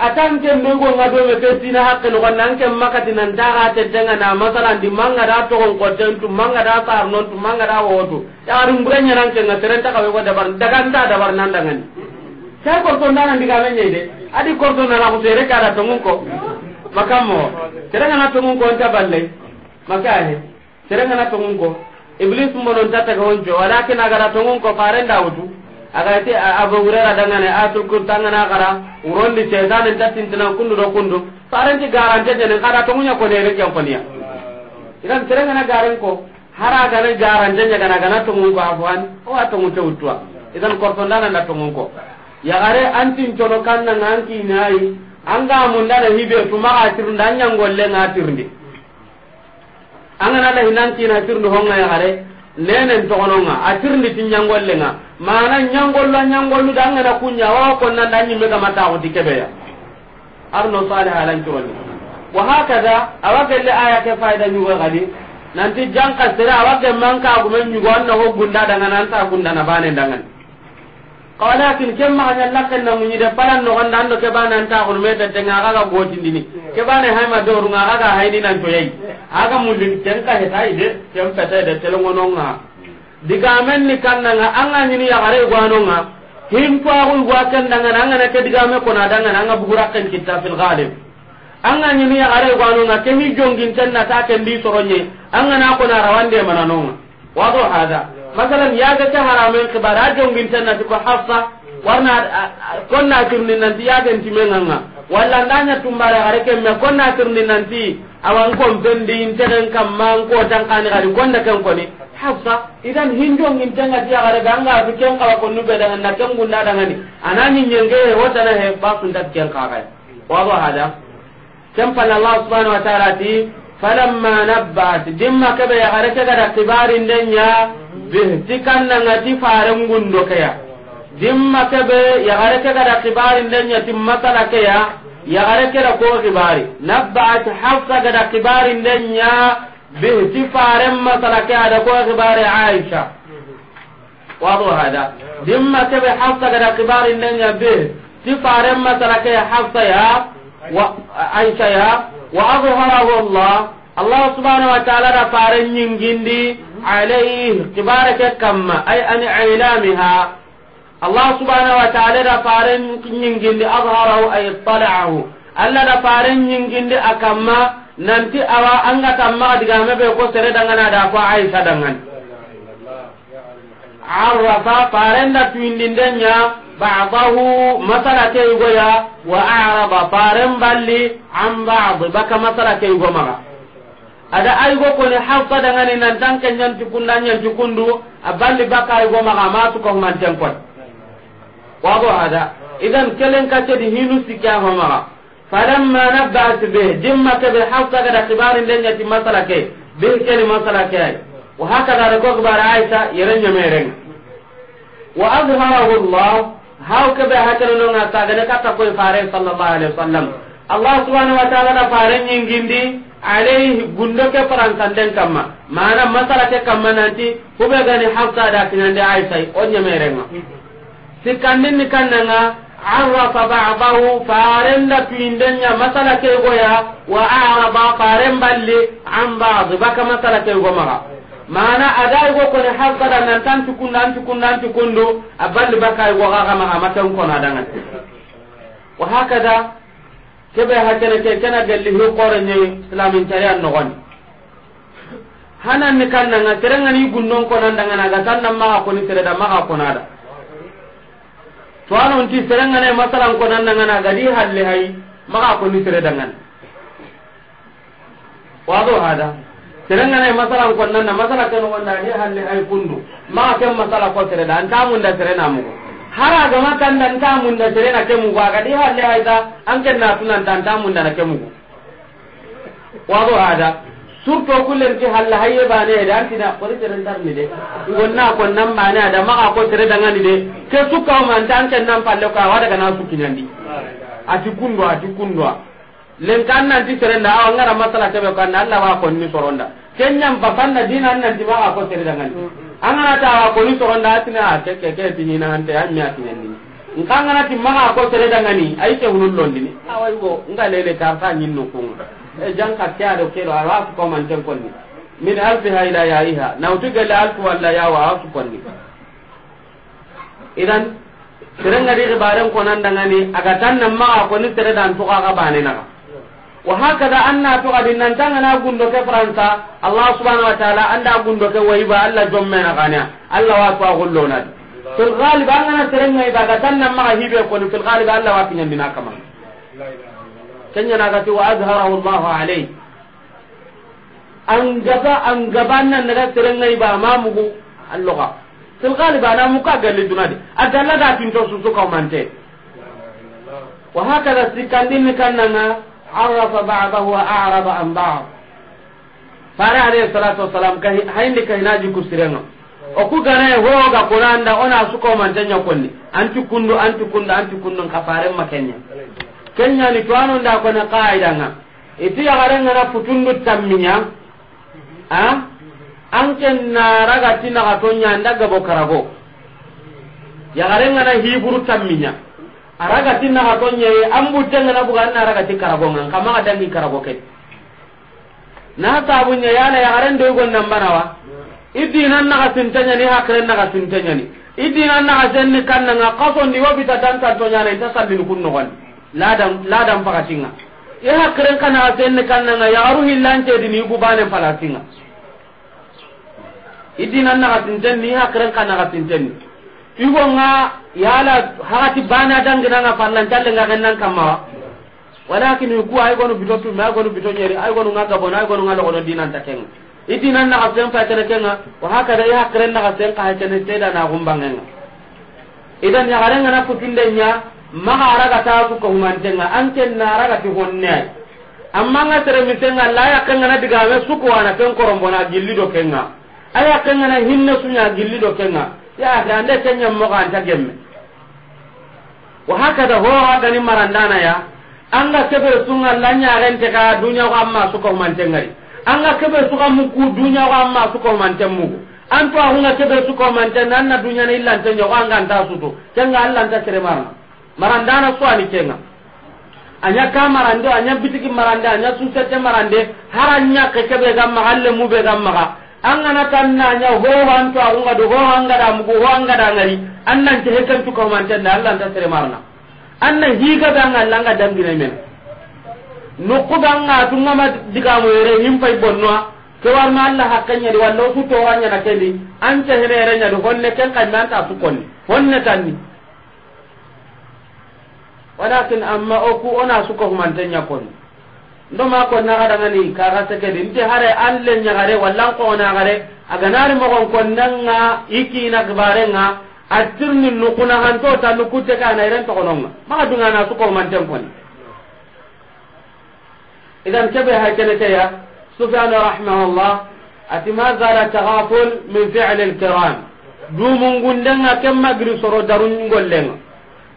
atan ken ne go ngado me tesina hakke no nan ken makati nan da ga te danga na masalan di manga da to kon kotten tu manga da par non tu manga da wodo ya garum gurenya nan ken keren ta ko da bar daga nda da bar nan dangan sai korto ndana diga menye de adi korto na la ko sere kada to ngun ko makamo sereng ana tongun ko ta balle makahe sereng ana tongun ko iblis monon tata ga onjo walakin agara tongun ko faren dawutu aga te abu hurera dangane atul kun tangana gara urondi setan ta tintina kundu do kundu faren ti garante den kada tongunya ko dere kyan konia idan sereng na garan ko hara gane garante nya gana gana tongun ko afwan o atongu tewutwa idan kortondana na tongun ko ya are antin tono kanna nganki nai anga munda na hibe tu maga tirun dan yang golle na tirndi anga na da hinan tina tirndu honga ya gare lenen to ononga atirndi tin yang nga na mana yang gollo yang gollu dan na kunya wa ko nan dan yimme ga mata ko kebe ya arno salih alan turani wa hakada awaka le aya ke faida nyu ga gadi nanti jangka sira awaka manka gumen nyu gonna ho gunda daga nan ta gunda na bane dangan qalatin kem ma nya lakan na munyi da palan no ganda ando ke bana anta ko me da tenga ga ga goti dini ke bana hay ma do runga ga ga hay ni nan to yayi aga mulin ken ka he tai de kem ka tai de telongo no nga diga men ni kan na nga anga ni ya gare gwa no nga him ko ko gwa kan da nga nga ke diga me ko na da nga nga bugura kan kitta fil ghalib anga ni ni ya gare ke hi jongin tan na ta ken di soronye anga na ko na rawande mana no nga wado hada masalan yaga ta haramen kibar a jonginten na ko hafsa warna konna tirni nanti menanga walla ndanya tumbare ke me konna tirni nanti awan kompendi intenen kamma nkotan kani gadi kan ko ni hafsa idan hinjongintengati agare bi ken ko konnu bedangan na gunna gunda dangani anani nyenge na he ba da ken kakay wado hada kan palla allah subhanahu wa taala ti falamma nabbat dimma kebe yagare kegada kibarindenya be ti kanna ngati faran gundo kaya dimma kebe ya gare ke kada kibari ndenya timma kala kaya ya gare ke da ko kibari nabbat hafsa kada kibari ndenya be ti faran masala kaya da ko kibari aisha wado hada dimma kebe hafsa kada kibari ndenya be ti faran masala kaya hafsa ya wa aisha ya wa azharahu allah allah subhanahu wa ta'ala da fare nyingindi alayhi kibaraka kamma ay an ilamiha allah subhanahu wa ta'ala da yin gindi azharahu ay tala'ahu allah da yin gindi akamma nanti awa ga tamma diga be ko sere ngana da ko aisha dangan arrafa da tuindindenya ba'dahu masala goya wa a'rada faren balli an ba'd baka masala kaygo ada ay go ko ne hafsa daga ne nan tan kan nyan tukunna nyan tukundu aballi baka ay go maga ma ko man tan kon wa go ada idan kelen ka te di hinu sikya ho maga falamma nabat be dimma ke be hafsa ga da kibarin den nyati masala ke be kele masala ke ay wa haka da go ko bara aisha yeren nyameren wa azharahu allah haw ke be hakana no ngata ga ne kata ko fare sallallahu alaihi wasallam allah subhanahu wa ta'ala da fare nyingindi alayhi gundo ke parantanten kamma mana masala ke kamma nanti hube gani hafsa da kinande aisha o nyemerenga sikandin ni kannanga arrafa ba'dahu farenda tuindenya masala ke goya wa araba faren balli an ba'd baka masala ke go maga mana adai go kone hafsa da nan tan tukun nan tukun nan tukundu aballi baka go ga maga matan kono adanga wa hakada kebe hakere ke kana galli hu qorenye islamin tayan nogoni hanan ni kanna nga terenga ni gunnon ko nan daga naga tan nan ma ko ni tereda ma ko nada to anon ti terenga ne masalan ko nan daga naga di halle hay ma ko ni tereda ngan wado hada terenga ne masalan ko nan na masala kan wanda di halle hay kundu ma kan masala ko da an ta mun da terena mu ko hara gama kan dan ta mun da sere na kemu ba ga di halle haida an kan na tun dan dan ta mun da na kemu wa do hada surto kullen ki halle haye ba ne da antina ko sere dar ni de wonna ko nan ma ne da ma ko sere da ngani de ke su ka man dan kan nan palle ka daga na su di kinandi ati kundo ati kundo len kan nan ti sere da awa ngara masala ba kan Allah wa ko ni soronda kenyam bapanna dinan nan ti ma ko sere da ngani angana ni to sogonda atina a ke keke tinina ante an mi atinenni nka angana ti maga ko sere dangani ay ke hunun londini awai go nga lele ta nyin no kunga e jan ka kya do kelo ara su ko man tan ni min alfiha ila yaiha nawtu la alfu walla ya wa su ni idan sere ngari nan konan dangani aga tan nan ko ni tere dan to ka ga bane na wa hakada anna to adi nan tanga na gundo ke faransa allah subhanahu wa ta'ala anda gundo ke waiba allah jomme na kana allah wa ta gollo na fil ghalib an na serenga ida ga tan nan ma hibe ko fil ghalib allah wa kinya dina kama kenya na gati wa azharahu allah alayhi an gaba an gaban nan daga serenga iba mamugo allah ka fil ghalib ana muka galle dunadi adalla da tin to su ka mante wa hakada sikandin kan nan عرف بعضه وأعرض عن بعض fare alayhi salatu wassalam kahi hayndi kahinaji kusirenga oku ganaye hoga konanda ona sukomantenya konni anti kundu anti kundu anti kundu nka farenma kenya kenyani toanonda kone qaidanga iti yagarengana putundu tamminya a anken naragati naga ndagabo ñanda gabo karago yagarengana hiburu tamminya araga tinna ka tonye an tenga na buga na araga tikkara gonga kama ada dangi karago ke na sabunya yana ya haren do gon nan banawa idi nan na ka tintanya ni hakren na ka tintanya ni idi nan na ka ni kanna na qaso ni wabi ta dan tonya na ta sabbi ni kunno gon ladam ladan fakatinga ya hakren kana ni kan na ya ruhi di ni ku bane falatinga idi nan na ka tintanya ni hakren na ka tintanya ni nga. yala hakati bana dangina nga parlan talle nga kennan kamma walakin ku ay gonu bito tu ma gonu bito nyeri ay gonu nga gabona ay gonu nga lokono dinan takenga itinan na kasen pa tene kenga wa hakada ya kren na kasen ka tene teda na gumbangenga idan ya garenga na kutinde nya maga araga ta ku ko humantenga anken na araga ti honne amma nga tere mitenga la ya kenga na diga me suko wana ken korombona gilli do kenga aya kenga na hinne sunya gilli do kenga ya ga ande kenya mo kan gemme wa ho ha gani marandana ya anga kebe sunga lanya rente ka dunya ko amma ko man tengari anga kebe su mu ku dunya ko amma su man temmu an to anga kebe su man tan na dunya ne illan tan ko anga anta su kenga allan ta tere marna marandana so ani kenga anya ka marande anya bitiki marande anya su te marande haranya ke kebe ga mahalle mu be ga maga angana na nya ho han to angu ngadu ho hanga da mugu ho hanga da ngari annan je hekan tu ko man tan Allah ta sere marna annan hi ga ngal langa dam dinai men nuku ga nga tu ngama diga mo yere him pai bonno ke war ma Allah hakkanya di wallo ku to ranya na kendi an ce hene yere nya do honne ken kan man ta tu konni honne tanni walakin amma oku ona su ko man tan nya konni ndo ma ko na gada ngani ka ga sake din te hare le nya gare wallan ko na gare aga nari mo kon kon nanga iki na gbare nga atirni nu kuna han to ta nu kutte ka na iran to kononga ma dunga na su ko man tan kon idan kebe ha kene te ya sufyan rahimahullah ati ma zala taghaful min fi'l al-kiram dumun gundanga kemma giri soro darun ngollenga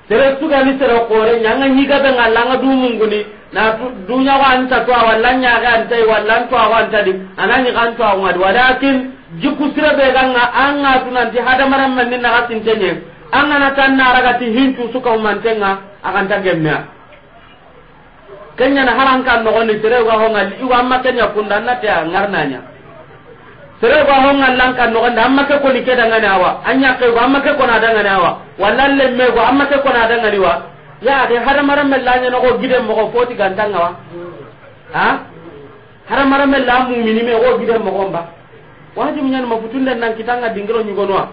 sere suga ni sere kore nga nyiga be ngalla nga dumun guni na dunya wa anta to wallan ya ga anta wallan to wa anta di anani kan to awa walakin jiku sira be ganga anga tunanti hada maram man na hatin tenye an na tan na raga ti hintu suka a akan ta gemnya kenya na haran kan no ni sira wa ho ngal iwa amma kenya kunda na ta ngarnanya sira ga ho ngal lan kan no gonni amma ke ko ni ke danga na wa anya ke ga amma ke ko na danga na wa wallan lemme go amma ke ko na danga ni wa yaade haramaramallañanogo giden mogo foti gantangawa a haramaramallaha muminime go giden mogon ba wajumuñanima futunden nan kitanga dingiro ñugonuwa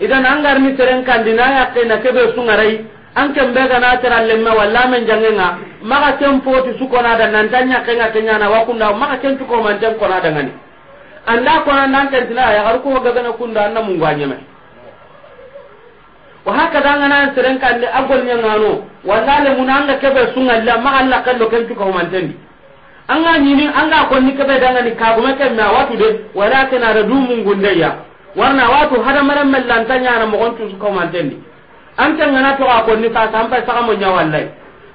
idan angarni seren kandi na yakkena keɓe sungarai an ken be gana tera lemme walla men jangenga maka ken poti su ko konada nanta ñakkenga keñana wakunda maga ken cukomanten konadangani anda konanda an tentina yagaru kowa gagana kunda anna mungu a ñeme wa haka da ngana seren kan ne agol nya ngano wala le munanga kebe sunga la ma alla kallo ken tuka humantendi anga nyini anga konni kebe danga ni kagume ken na watu de wala kana radu mungunde ya warna watu hada maran mellantanya na mo ko man humantendi an tan ngana to akonni sa sampai saka mo nya wallahi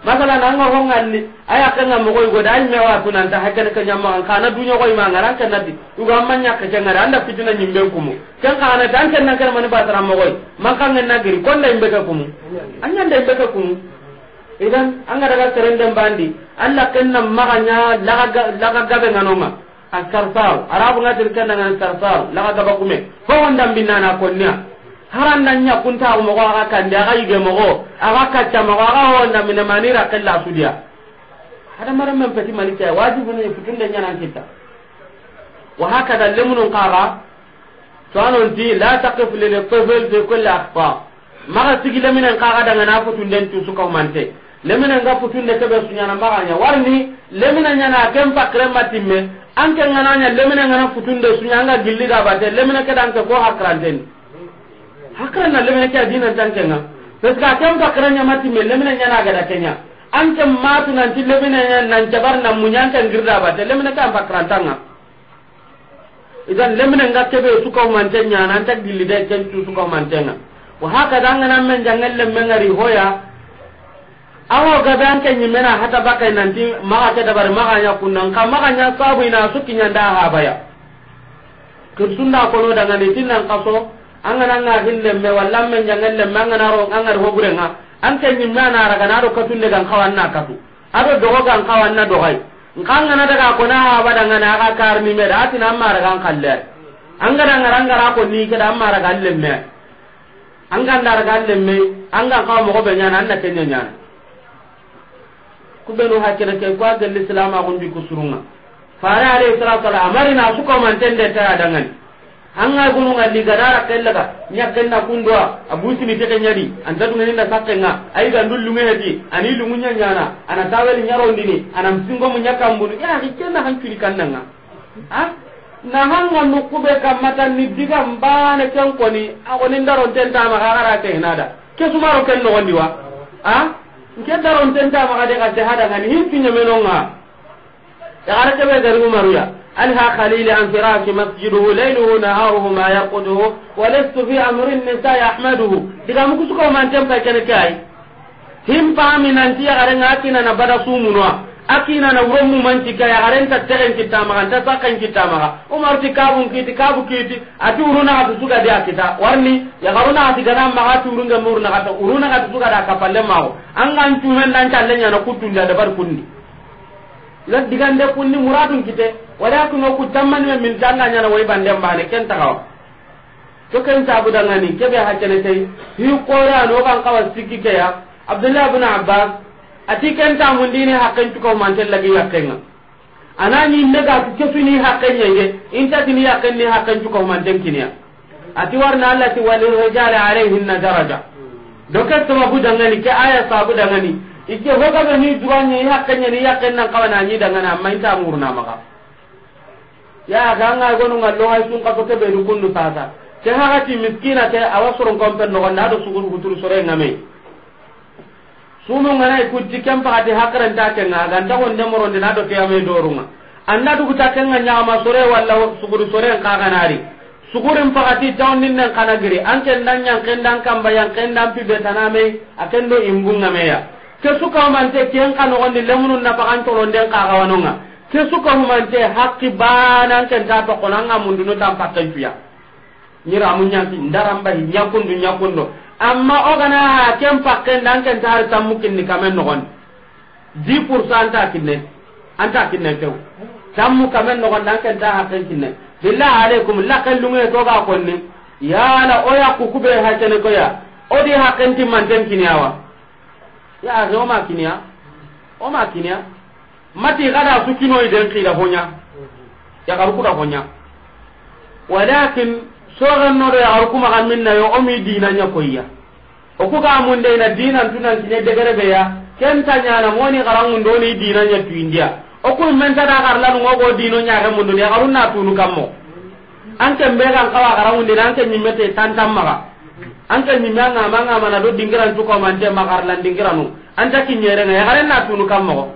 masala na nga ho ngalli aya ka nga mogoy go me mewa kunan ta hakana ka nyamma kan kana dunya goy ma ngara ka nabi uga manya ka jangara anda fitina nyimbe kumu kan kana dan kan nan kan mani basara mogoy maka ngan nagiri konda imbe ka kumu anya nda imbe ka kumu idan an ga daga terende bandi alla kenna maganya laga laga gabe nganoma akarsaw arabu na kenna ngan sarsaw laga ku kume fo wanda binna na konnya nan ñakkuntaxu mogo axa kandi axa yige mogo axa kacca mogo axa hoonda mine manira kella sudiya hadamaren men peti mani kea da nya nan kita wa hakada to an toanonti la taqif liltifil fi kulli axfa maxa sigi leminen kaxa dangana futunden cusukaumante leminen ga futunde ba suñana nya warni lemina ñana ken pakirema timme anke an lemine ngana futunde suña ga gilli ka d'an kedanke ko den hakran na lemina ke dinan tan kenga parce que atam ka karanya mati me lemina nya na gada kenya an ke matu na ti lemina nya nan jabar na munyan kan girda ba te lemina ka bakran tanga idan lemina nga tebe su ko man tanya nan ta dilli da ken su ko man tanga wa haka dan nan men jangal lemmen ngari hoya awo gabe an ke nyimena hata bakai nan ti maka ke dabar maka nya kunnan ka maka nya sabu ina su kinya da habaya kirsunda kono daga ne tinan kaso angana nga hillemme walla men jangallemme angana ro angana hoɓurenga an ke ñimme ana ragana aɗo katulle gan kawanna katu aɗo dogo gan kawanna dogay nkangana daga kona haɓadangana aga karnimeɗa atina amma ragan kalle angana ngara ngara ko ni keɗa amma ragan lemme anganda ragan lemme angan kawa mogo ɓe ñana anna kenya ñana kuɓenu hakkene ke ko a gelli silamagunji kusurunga fare alayhi salatu wasalam amarina sukomantende taya dangani anga gunu ngalli gadara kellaga nyakkenna kundwa abusini teke nyadi anta dungeni na sakkenga ai ga ndullu ngedi ani lungu nyanyana ana tawel nyarondini ana msingo mu nyakambunu ya hikenna hancuri nga. ha na kube nukube kamata ni diga mbane ken koni agoni ndaron tenta ma gara ke hinada ke sumaro ken no wa ha nke daron tenta ma ga de ga hada ni hin tinya nga. ya ara ke be garu maruya أنهى خليلي عن فراش مسجده ليله نهاره ما يقوده ولست في أمر النساء أحمده إذا مكسوك ما أنتم كنكاي هم فامي ننتي أرن أكينا نبدا سومنا أكينا نورم منتك يا أرن تتغن كتامها أنت ساقن كتامها عمر تكابون كيتي كابو كيتي أتي ورونا أتسوك دي أكتا ورني يغرونا أتغنا مغا تورنغ مورنا أتا ورونا أتسوك دا كفال لماهو أنغان تومن دانتا لن ينكتون دا دبر كني la digande kunni muradun kite walakin ku men min tanga nyana way bande bane ken tagaw to ken tabu dangani kebe hakene tay hi qora no kan kawa sikki ke ya abdullah ibn abbas ati ken ta mundini hakken to ko mantel lagi yakkenga anani ndega ku kesuni hakken yenge inta dini yakken ni hakkan to ko manten kiniya ati warna allati walil rijali alayhinna daraja dokat sababu ni ke aya sabu ni. ike hoga ka ni duranye ya kanya ni ya kenna kawana ni daga na amma ita murna maka ya ganga gonu ngallo ay sun ka to be ni kunu tata ke ga ti miskina te awasoro kompe no na do sugur butur sore ngame sunu ngana ikutti kem pa ati hakran ta ke ngaga nda de moron de na do kiyame dorunga anna du ta ke nganya ma sore walla sugur sore ka ganari sugurin pakati tawn nin nan kana giri an ken dan yang ken dan kamba yang ken dan pi betaname akendo imbung ngame ya ke suka mante ken kan on di lemunun na bakan to ronden ka gawanonga ke suka mante hakki banan ken ta to konanga munduno tam patan tuya nyira munyan ti ndaram ba nyakundu nyakundo amma ogana ha ken pakken dan ken tar tam mukin ni kamen no gon 10% ta kinne anta kinne tew tammu kamen no gon dan ken ta hakken kinne billahi alaikum la kallunge to ga konni yala oya kukube ha tene ko ya odi hakken timman tan kiniyawa ya ahe o ma kiniya o ma kiniya mati kada su kino idan kila honya ya karu kuda honya walakin sogan no do ya karu kuma kan na yo o mi dinanya koyya o ku ka mun de na dinan tunan kine de garebe ya kenta nyana moni garangun doni ni dinanya tu india o ku men ta da garla no go dino nya ga mun do ya na tunu kammo an kan be kan kawa garangun de an kan nyimmete tantam maga anke nyimya nga nga manga mana do dingiran tu ko manje makar lan dingiranu anta kinyere nga yare na tunu kammo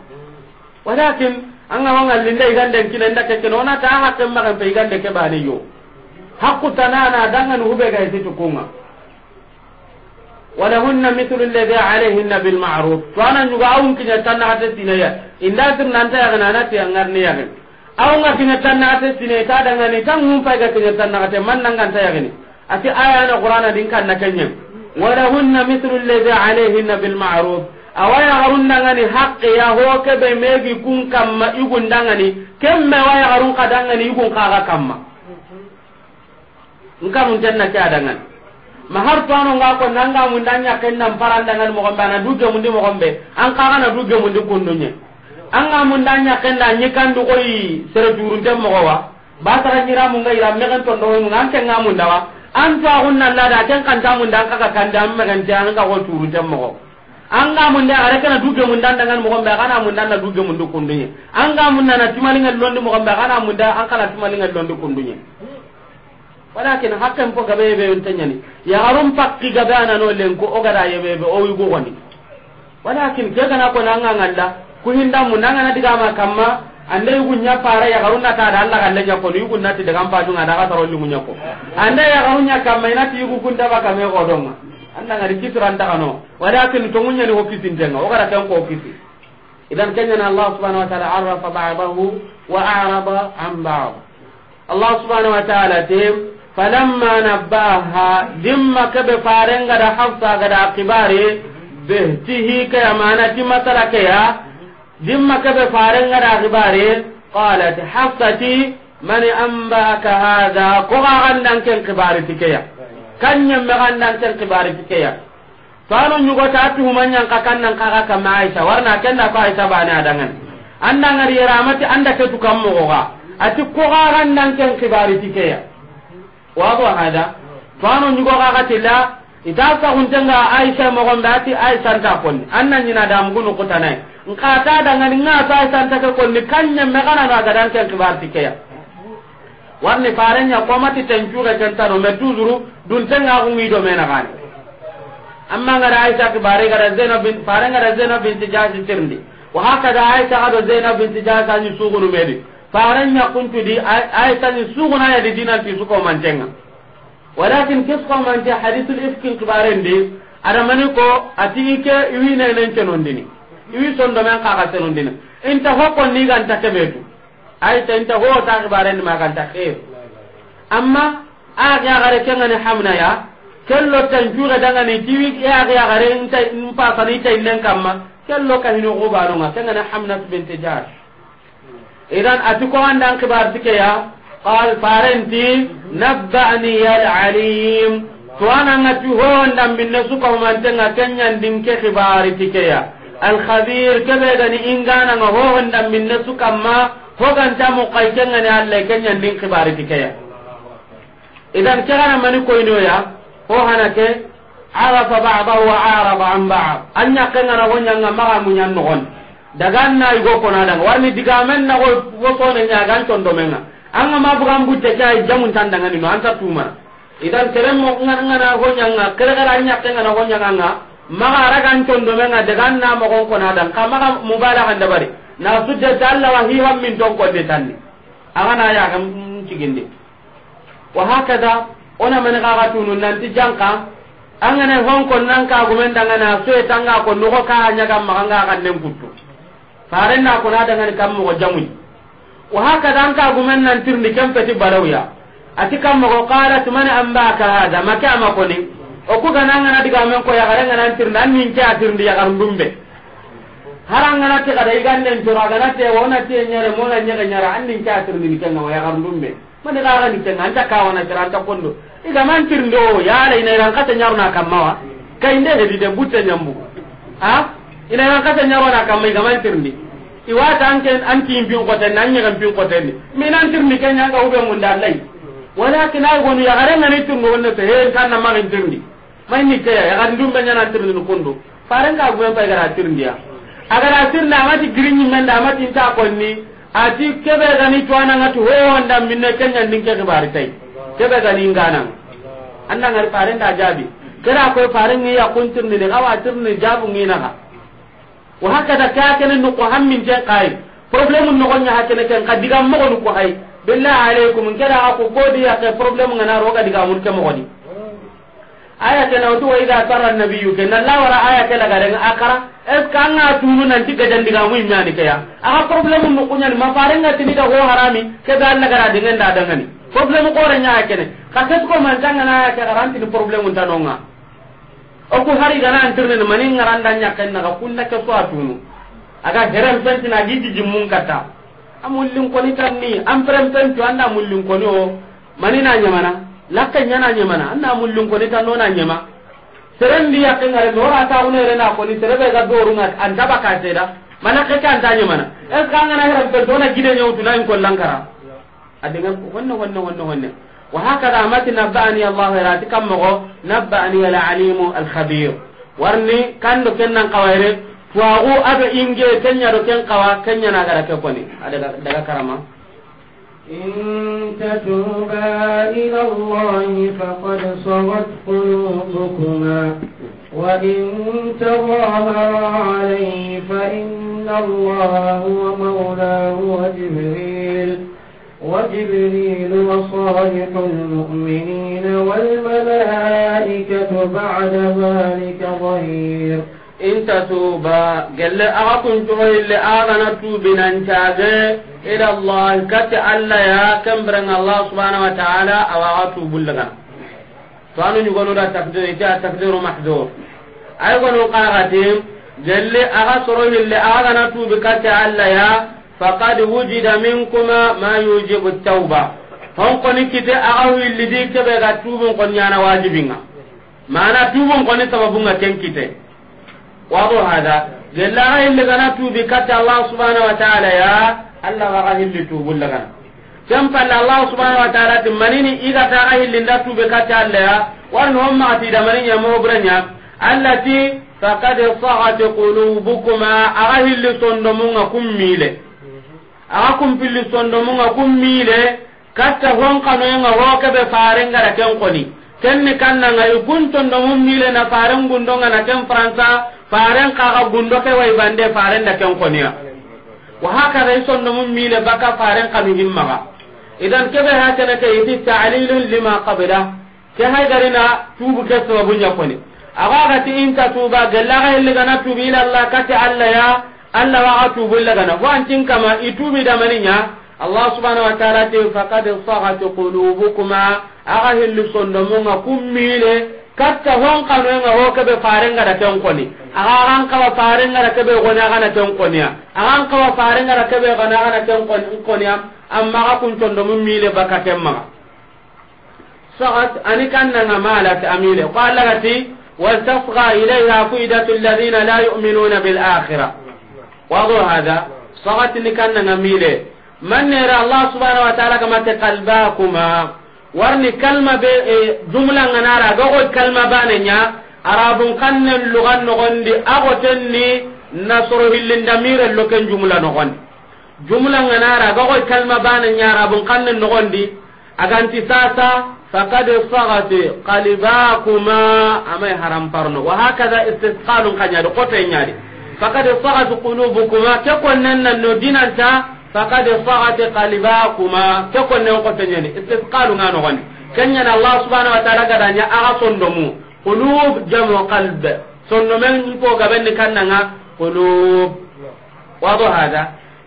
walakin an nga manga linda igande kina nda ke kino na ta hakke magan pe igande ke ni yo hakku tanana dangan hube ga ite to kunga wala hunna mithlu alladhi alayhinna bil ma'ruf to anan juga awun kinya tanna hate tinaya inda tin nanta ya na na tiya ngarni ya awun kinya tanna hate tinaya ta dangan ni tan hum pa ga kinya tanna hate man nan kan ta ya ni ati aya na qur'ana din kan na kanyen wala hunna mithlu alladhi alayhinna bil ma'ruf awaya harunna ngani haqqi ya ho ke be megi kun kamma igun dangani kemme waya garun kadangani igun kaga kamma ngam mun tanna ta dangan mahar to anu ga ko nanga mun danya ken nan paran dangan mo gamba na duge mun di mo gambe an ga na duge mun di kundunye an ga mun danya ken da nyikan du koyi sere durun tem mo wa ba tara nyira mun ga ira me kan to ndo mun an ken ga mun dawa an ta gunna la da tan kan tamun dan kaka kan dan me kan tan ka ko turu tan mo an ga mun da are kana duge mun dan dangan mo ko be kana mun dan na duge mun dukundunya an ga mun na timalinga londi mo ko be kana mun da an kala timalinga londi kundunya walakin hakken po gabe be tanyani ya arum pakki gabe anano lenko o gada yebe be o yugo wani walakin ke kana ko nanga ngalla ku hinda mun nanga na diga ma kamma anda yugo nya para ya garuna ta da Allah galle nya ko yugo na nati daga paju ngada ka taro nyugo nya ko anda ya garunya kam mai na ti yugo kunda ba kam e godonga anda ngari kitura anda kano walakin to munya ni hokisin denga o gara tan ko hokisi idan kanya na Allah subhanahu wa ta'ala arrafa ba'dahu wa araba an ba'd Allah subhanahu wa ta'ala tim falamma nabbaha dimma kabe farenga da hafsa ga da akibare behtihi kayamana ti masala dimma kebe farenga da kibare qalat hafsati man anba'aka hadha ko ga gandan ken kibare tikeya kanyam me gandan ken kibare tikeya tano nyugo ta tu humanya ka kannan ka ka ma Aisha warna kenda ko Aisha bana adangan anda ngari ramati anda ke tukam mo ga ati ko ga gandan ken kibare tikeya wa bo hada tano nyugo ga la ita ka huntenga Aisha mo gondati Aisha ta konni annan nyina da mgunu kutanai nka ta dangani nga ta santa ke ko ni kanya me kana na ga dan ken kibar tikeya warni farenya ko mati tan juga ken taro me tuzuru dun tan ga ngi do me na kan amma ngara aisha ke bare zainab bin farenga gara zainab bin tijazi tirndi wa haka da aisha ga zainab bin tijazi an yusugu no medi farenya kuntu di aisha ni sugu na ya di dinan ti suko mantenga walakin kisko manje hadithul ifkin kibarendi adamani ko atike iwina nen kenondini iwi sondo men kaga senundina inta hokon ni ta ganta kebetu ayta inta ho ta gbarenni ma ta khew amma age agare kengani hamna ya kello tan cuga dangani tiwi age agare inta mpasani ita innen kamma kello kahino gubanonga kengani hamna binte jash idan ati ko andan kibar tike ya qal parenti nabbani yal alim to ananga tu ho ndam binne su ko man tenga kenyan din ke kibar tike ya alkhabir kebe gani ingana nga ho honda minne sukamma ho ganta mo kai kenga ne alla kenya ndin khibari tikaya idan kana mani ko ino ya ho hanake arafa ba'dahu wa araba an ba'd anya kenga na wonya nga maga munyan no hon daga na igo na daga warni diga men na ko go to ne nya gan tondo menga anga ma bugan butte kay jamun tandanga ni no anta tuma idan kerem mo ngana ngana honya nga kere kere anya kenga na honya nga maga ragan condo menga daga na magon kona dan ka maga mubalagan da bari na sudda dalla wa hi ham min ton de tanni aga na ya kam cigindi wa hakada ona men ga ga tunun nan ti janka angane hon kon nan ka gumen daga na so tanga ko no ka hanya kam maga ga kan nem puttu faren na kona daga kam mo jamu wa hakada an ka gumen nan tirni kam peti barawya ati kam mo qalat man ambaka hada makama koni oku gana ngana diga men ko yagare ngana tirnda an min ke atirndi yagar ndumbe hara ngana te kada iganden coro gana te wona te nyare mona nyaga nyara an min ke atirndi ni kenga oh, wa yagar ndumbe mani kaga ni ta anta kawana cira ta kondo iga man tirndi o yala ina iran kata nyaru na mawa. kai nde hedi dide butte nyambu ha ina iran kata nyaru na kamma iga man tirndi an anken anti impin koten nan nyaga impin koten min an tirndi kenya ga ube munda lai walakin ay gonu yagare ngani tirndi wonne te hen kan na magin tirndi mai ni kaya ya kan dumbe nyana tirni kundu faran ka gwen pa gara tirni ya agara tirni amati girinyi menda amati inta konni ati kebe gani tuana ngati ho wanda minne kenya ninke ke bari tai kebe gani ngana anna ngar faran da jabi kera ko faran ni ya kuntir ni ga wa tirni jabu ngina ha wa hakada ka kana nu ko hammin je kai problem no gonya hakene ken kadiga mo ko hay billahi alaikum kera ko godi ya ke problem ngana roga diga mun ke mo godi aya ke nawtu wa idha sarra yu ke na lawara aya ke daga den akara es kanga tunu nan tiga jandiga mu imani ni kaya aha problem mu kunya ni mafarenga tiniga ho harami ke da Allah gara dengan da dangani problem ko ranya aya ke ne kaset ko man tanga na aya ke garanti ni problem ta nonga o ku hari gana antirne ni manin ngaranda nya ken na kunna ke so atunu aga heran penti na gidi jimun kata amullin koni tanni am prem penti anda mullin koni o manina mana lakka nyana nyemana anna mullun ko neta nona nyema seren di yakke ngare no ata re na ko ni be ga doru ngat ka baka da mana ke kan tanya mana es ka ngana heram pe dona gide nyaw tu lain ko lankara adenga wonno wonno wonno wonno wa hakada amati nabani allah yarati kam mo nabani al alim al khabir warni kan do ken nan kawaire tuago ado inge tenya do ken kawa kenya na gara ke ni adaga daga karama إن تتوبا إلى الله فقد صغت قلوبكما وإن تظاهرا عليه فإن الله هو مولاه وجبريل وجبريل وصالح المؤمنين والملائكة بعد ذلك ظهير in tatuba gelle aga kuncogoyille agana tubinancage ila allah kati allah ya kemberenga allah subhanau wa taala awa aga tubullagana to anu ñugonoda takdir iti a takdiru mahdur ay gonu kagati gelle aga sorohille na tubi kati allah ya faqad wujida minkuma ma yujibu tauba hon koni kite aga willidi keɓe ga tubun kon ñana wajibinga maana tubun koni sababunga kenkite. kite wado hada gella ha ka gana tubi katta allah subhanahu wa ta'ala ya allah wa ga hilli tubu lagana kam palla allah subhanahu wa ta'ala timanini iga ta ga hilli nda tubi katta allah ya warno homma ati da maninya mo branya allati faqad sahat qulubukuma aga hilli sondomunga kummile aga kumpilli sondomunga kummile katta honkanoyenga hokebe farengara ken koni kenni kannanga iguntondomummile na farengundonga na ken faransa. faren kaga gundo ke wai bande faren da ken koniya wa haka dai sonno mun mile baka faren kanu himmaga idan kebe haka ne ke yiti ta'lilun lima qabla ke hay garina tubu ke sababu nya koni aga ga ti inta tuba galla ga illa gana tubi ila allah kati alla ya alla wa atubu illa gana wa antin kama itubi da maninya allah subhanahu wa ta'ala te faqad sahat qulubukuma aga hillu sonno mun kumile katta hon kanoenga ho keɓe farengada ken koni aga agan kawa farengada keɓe goni agana ken koniya agan kawa farengada keɓe goni agana ken koniya amma aga kuncondomu mile baka ken maga sagat ani kannanga malati amile ko allagati waltasga ilayha kuidatu alladina la yuminuna bilakhira wado hada sagatini kannanga mile man nere allah subhanau wa taala kalba kuma. warni kalma be e, jumla nganara ga ko kalma bana nya arabun kannan lugan no gondi agoten ni nasru hillin damira loken jumla no gondi jumla nganara ga ko kalma bana nya arabun kannan no gondi aganti sasa faqad sagati qalibakuma amay haram parno wa hakaza istiqalun kanyado kote nyadi faqad sagati qulubukuma ke konnan no dinanta faqad sa'at qalbakuma ke ko ne ko tanyani istiqalu ngano gani kanya na allah subhanahu wa ta'ala gadanya aga sondomu qulub jamu qalb sondo men ko gaben ni kannanga qulub wado hada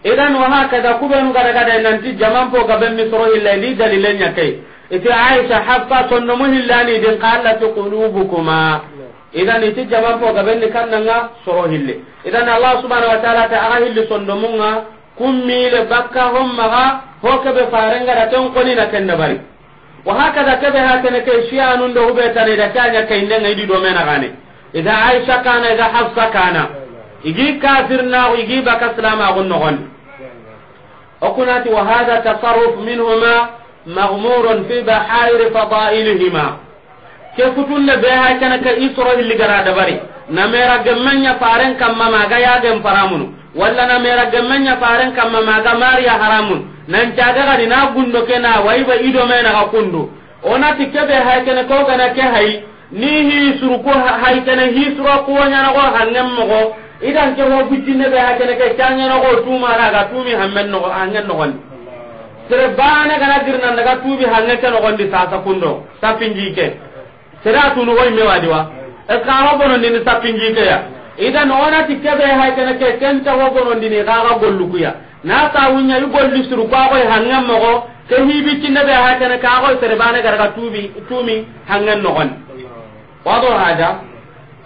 idan wa hakada kubenu gada gada nanti jaman po gaben mi soro illa li dalilen yakai iti aisha haffa sondo mu hillani din qalla tu qulubukuma idan iti jaman po gaben ni soro idan kummile bakka hommaga hokebe farengada ken konina kenda bari wa hakada kebe hakene ke shiyanun do hube tane da kanya kainde ngai di do mena gane idha aisha kana idha hafsa kana igi kafir na igi baka salama gon nogon okunati wa hadha tasarruf minhuma maghmurun fi bahair fadailihima ke kutunde be hakene ke isro hilli gara da bari namera gemmenya faren kamma maga ya paramunu walla na mera gemmenya faren kamma maga mariya haramun nan caga gani na gundo kena waiba ido mena ka kundu onati kebe hay kene ko kana ke hay ni hi suru ko hay kene hi suru ko nyana ko hangem mo ko idan ke ho bitinne be hay kene ke tanya no ko tuma ra ga tumi hammen no hangen no gondi sere bana kana dirna daga tubi hangen ke no gondi sa sa kundo sa pinji ke sere atunu wai me wadiwa e ka robono ni sa pinji ke ya idan onati kebe haytene ke kenta hogonondini kaga gollukuya na kawunya i golli suru kagoy hangen mogo ke hibiccinde be haytene kagoy serebane garaga tubi tumi hangen nogon wado hada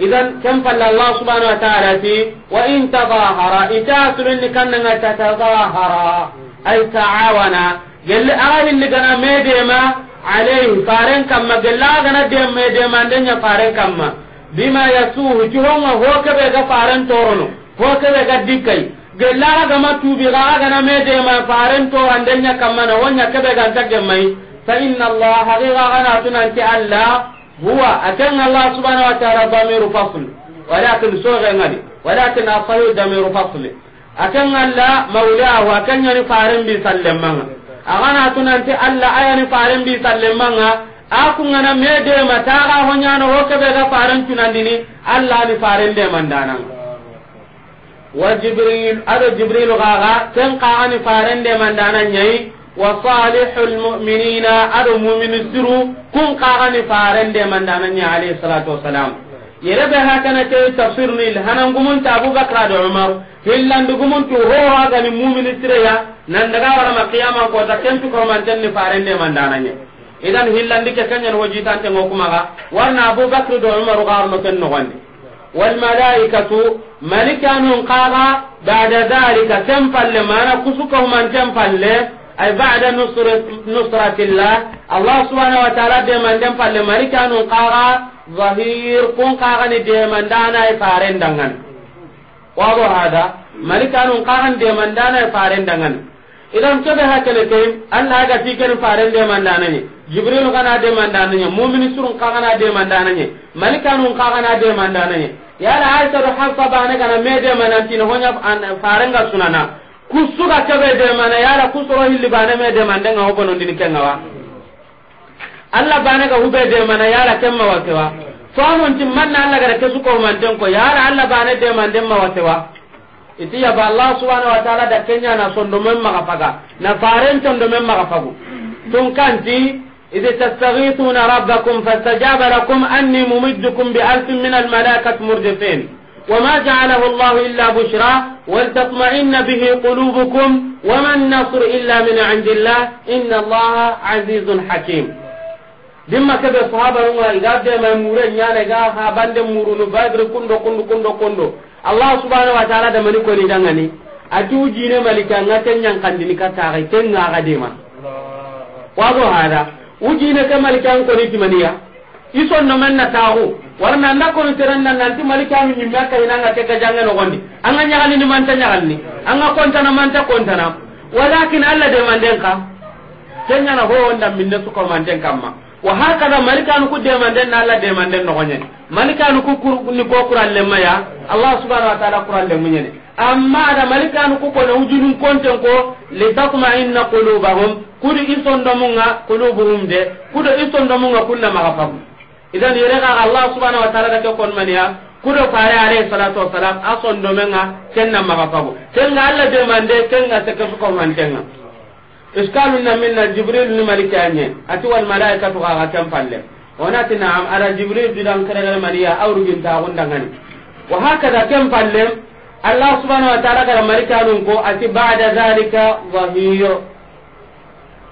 idan ken falla allah subhanahu wa ta'ala ti wa in tadahara itasulunni kannanga tatadahara ay ta'awana gelli agahinni gana medema alayhi faren kamma gella gana dem medema ndenya faren kamma bima yasuhu juhonga hokebe ga faren torono hokebe ga dikkai gellaga gama tubi gaga gana medema faren torande nya kammana wonya kebe ganta gemmai fa inna allah haqiqa gana tunanti allah huwa akan allah subhanahu wa ta'ala damiru fasl walakin soge ngadi walakin asahu damiru fasl akan allah maulahu akan yani faren bi sallemanga agana tunanti allah ayani faren bi sallemanga akungana me dema taga honyano hokebe ga faran cunandini allah ni de mandana wa jibril ado jibril ga ken faran de mandana nyai wa salihul mu'minina ado mu'minu siru kun faran de mandana nyai alayhi salatu wasalam ha kana te tafsir ni abu abubakra da umar hillandigumuntu nan daga wala ma qiyamah ko ta kentu faran de mandana nyai idan hillandi ke kanyen hoji tante ngo kuma ga warna abu bakr da umar ga arno ken no wande wal malaikatu malikanu qaga ba'da dhalika tampalle mana kusuka man tampalle ay ba'da nusrat nusratillah allah subhanahu wa ta'ala de man tampalle malikanu qaga zahir kun qaga ni de man dana ay farendangan wado hada malikanu qaga de man dana ay dangan. idan kebe ha kele ke Allah ga ti ken faren de mandana ni jibril kana de mandana ni mu'min surun kana de mandana ni malikanun kana de mandana ni ya la aisha do hafsa bana kana me de manan tin nya faren ga sunana kusuga kebe de mana ya la kusuro hilli ne me de mandanga ho bonon din ken wa Allah ne ga hube de mana ya la ma wa to mun tin manna Allah ga ke su ko den ko ya la Allah bana de manden ma wa iti yaba allah subhanahu wa ta'ala da kenya na sondo men maga faga na faren sondo men maga fagu tun kanti idza tastaghithuna rabbakum fastajaba lakum anni mumiddukum bi alfin min al malaikati murdifin وما جعله الله إلا بشرى ولتطمئن به قلوبكم وما النصر إلا من عند الله إن الله عزيز حكيم dimma kebe sahaba nunga iga de mai mure nyane ga ha bande murunu badri kundo kundo kundo kundo allah subhanahu wa ta'ala da mani koni dangani ati ujine malika nga kenyan kandini katare kenga akadema wago hada ujine ke malika an koni timaniya ison no na tago warna anda kono teranna nanti malika mi nyimba kay nanga ke kajanga no gondi anga nyagali ni manta nyagalni anga kontana manta kontana walakin Allah de mandenka kenya na fo onda minne su ko ma wa hakada malikanu ku demanden na alla demanden nogonye malikanu ku ni ko kuran lemma ya allah subhanahu wa ta'ala kuran lemma ne amma da malikanu ku ko wujunun konten ko li tatma inna qulubahum kudu isondomunga qulubuhum de kudu isondomunga kunna magafam idan yere ga allah subhanahu wa ta'ala da ke kon maniya kudo fare alayhi salatu wassalam ason domenga kenna magafago kenga alla demande kenga sekasu ko mantenga iskalu na minna jibril ni malika nye ati wal malaikatu ga kan palle onati am ara jibril bidan karagal mariya awru bin ta gonda ngani wa da kan palle allah subhanahu wa ta'ala kara malika nun ko ati ba'da zalika zahiyo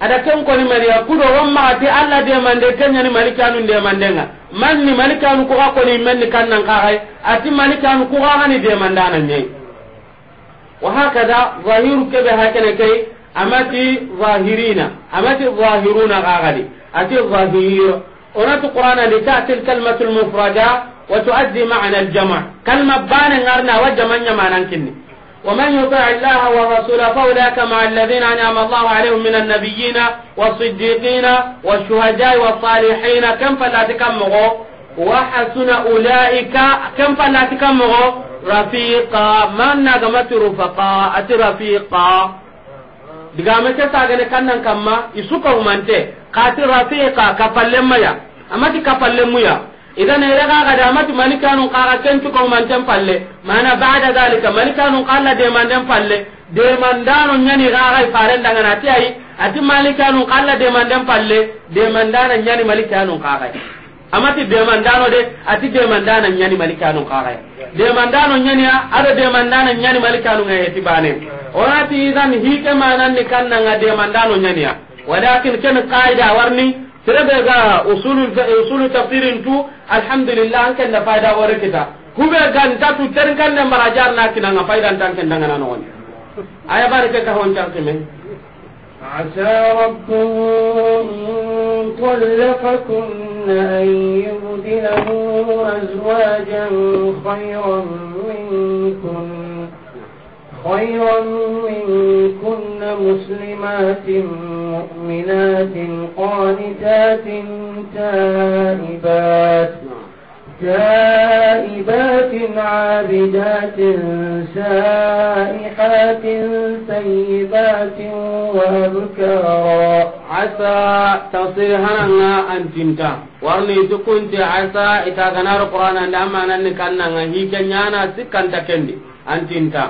ada kan ko ni mariya kudo ma ati allah de mande kenya ni malika nun de mandenga man ni malika nun ko ga ko ni men ni kannan ka hay ati malika nun ko ga ni de mandana nye wa haka da zahiru kebe hakene kai amati zahirina amati zahiruna غاغلي ati zahir onatu القرآن لتأتي الكلمة المفردة وتؤدي معنى الجمع كلمة بان al-jam' kalma bana ومن يطع الله ورسوله فأولئك مع الذين أنعم الله عليهم من النبيين والصديقين والشهداء والصالحين كم فلا تكمغوا وحسن أولئك كم فلا تكمغوا رفيقا من نغمت رفقا أتي رفيقا diga me ke sagane kannan kamma isuka umante qati rafiqa kapallemma ya amati kapallemu muya idan ere ga ga da amati malikanu qara kentu ko umanten palle mana ba'da zalika malikanu qalla de manden palle de mandano nyani ga ga faren daga na ti ai ati malikanu qalla de manden palle de mandana nyani malikanu qara amati demandano de ati demandana nyani malikanu kagaya demandano nyani ada demandana nyani malikanu ngayeti bane onati idan hike ni kanna nga demandano nyani walakin ken qaida warni terebe ga usulu usulu tafsirin tu alhamdulillah an ken faida warakita hube gan tatu ter kan ne marajar na kinanga faida tan ken dangana non aya barke ka hon tan kemen عسى ربه إن طلقكن أن يبدله أزواجا خيرا منكن خيرا منكن مسلمات مؤمنات قانتات تائبات تائبات عابدات سائحات سيبات وأبكارا عسى تصير هنا أن تنتا warni ti asa ita ganar qur'ana nda amana ni kanna nga hike nyana sikkan antinta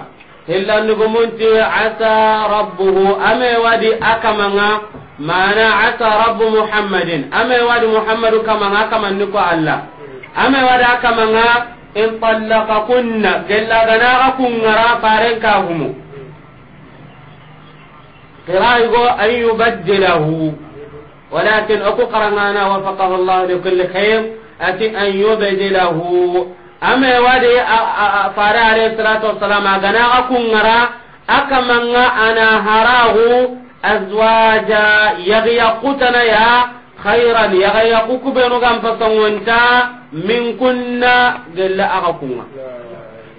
hillandu gumunti asa rabbuhu ame wadi akamanga mana asa rabbu muhammadin ame wadi muhammadu kamanga akamanni ko allah ama wada nga in kunna gella gana ga kungara faren ka humu qirai go an yubaddilahu walakin aku qarangana wa faqahu Allah li kulli khair ati an yubaddilahu ama wada fara alayhi salatu wassalam gana ga kungara akamanga ana harahu azwaja yaghya qutana ya khairan ya gaya kuku beno kan wanta min kunna gella aka kunga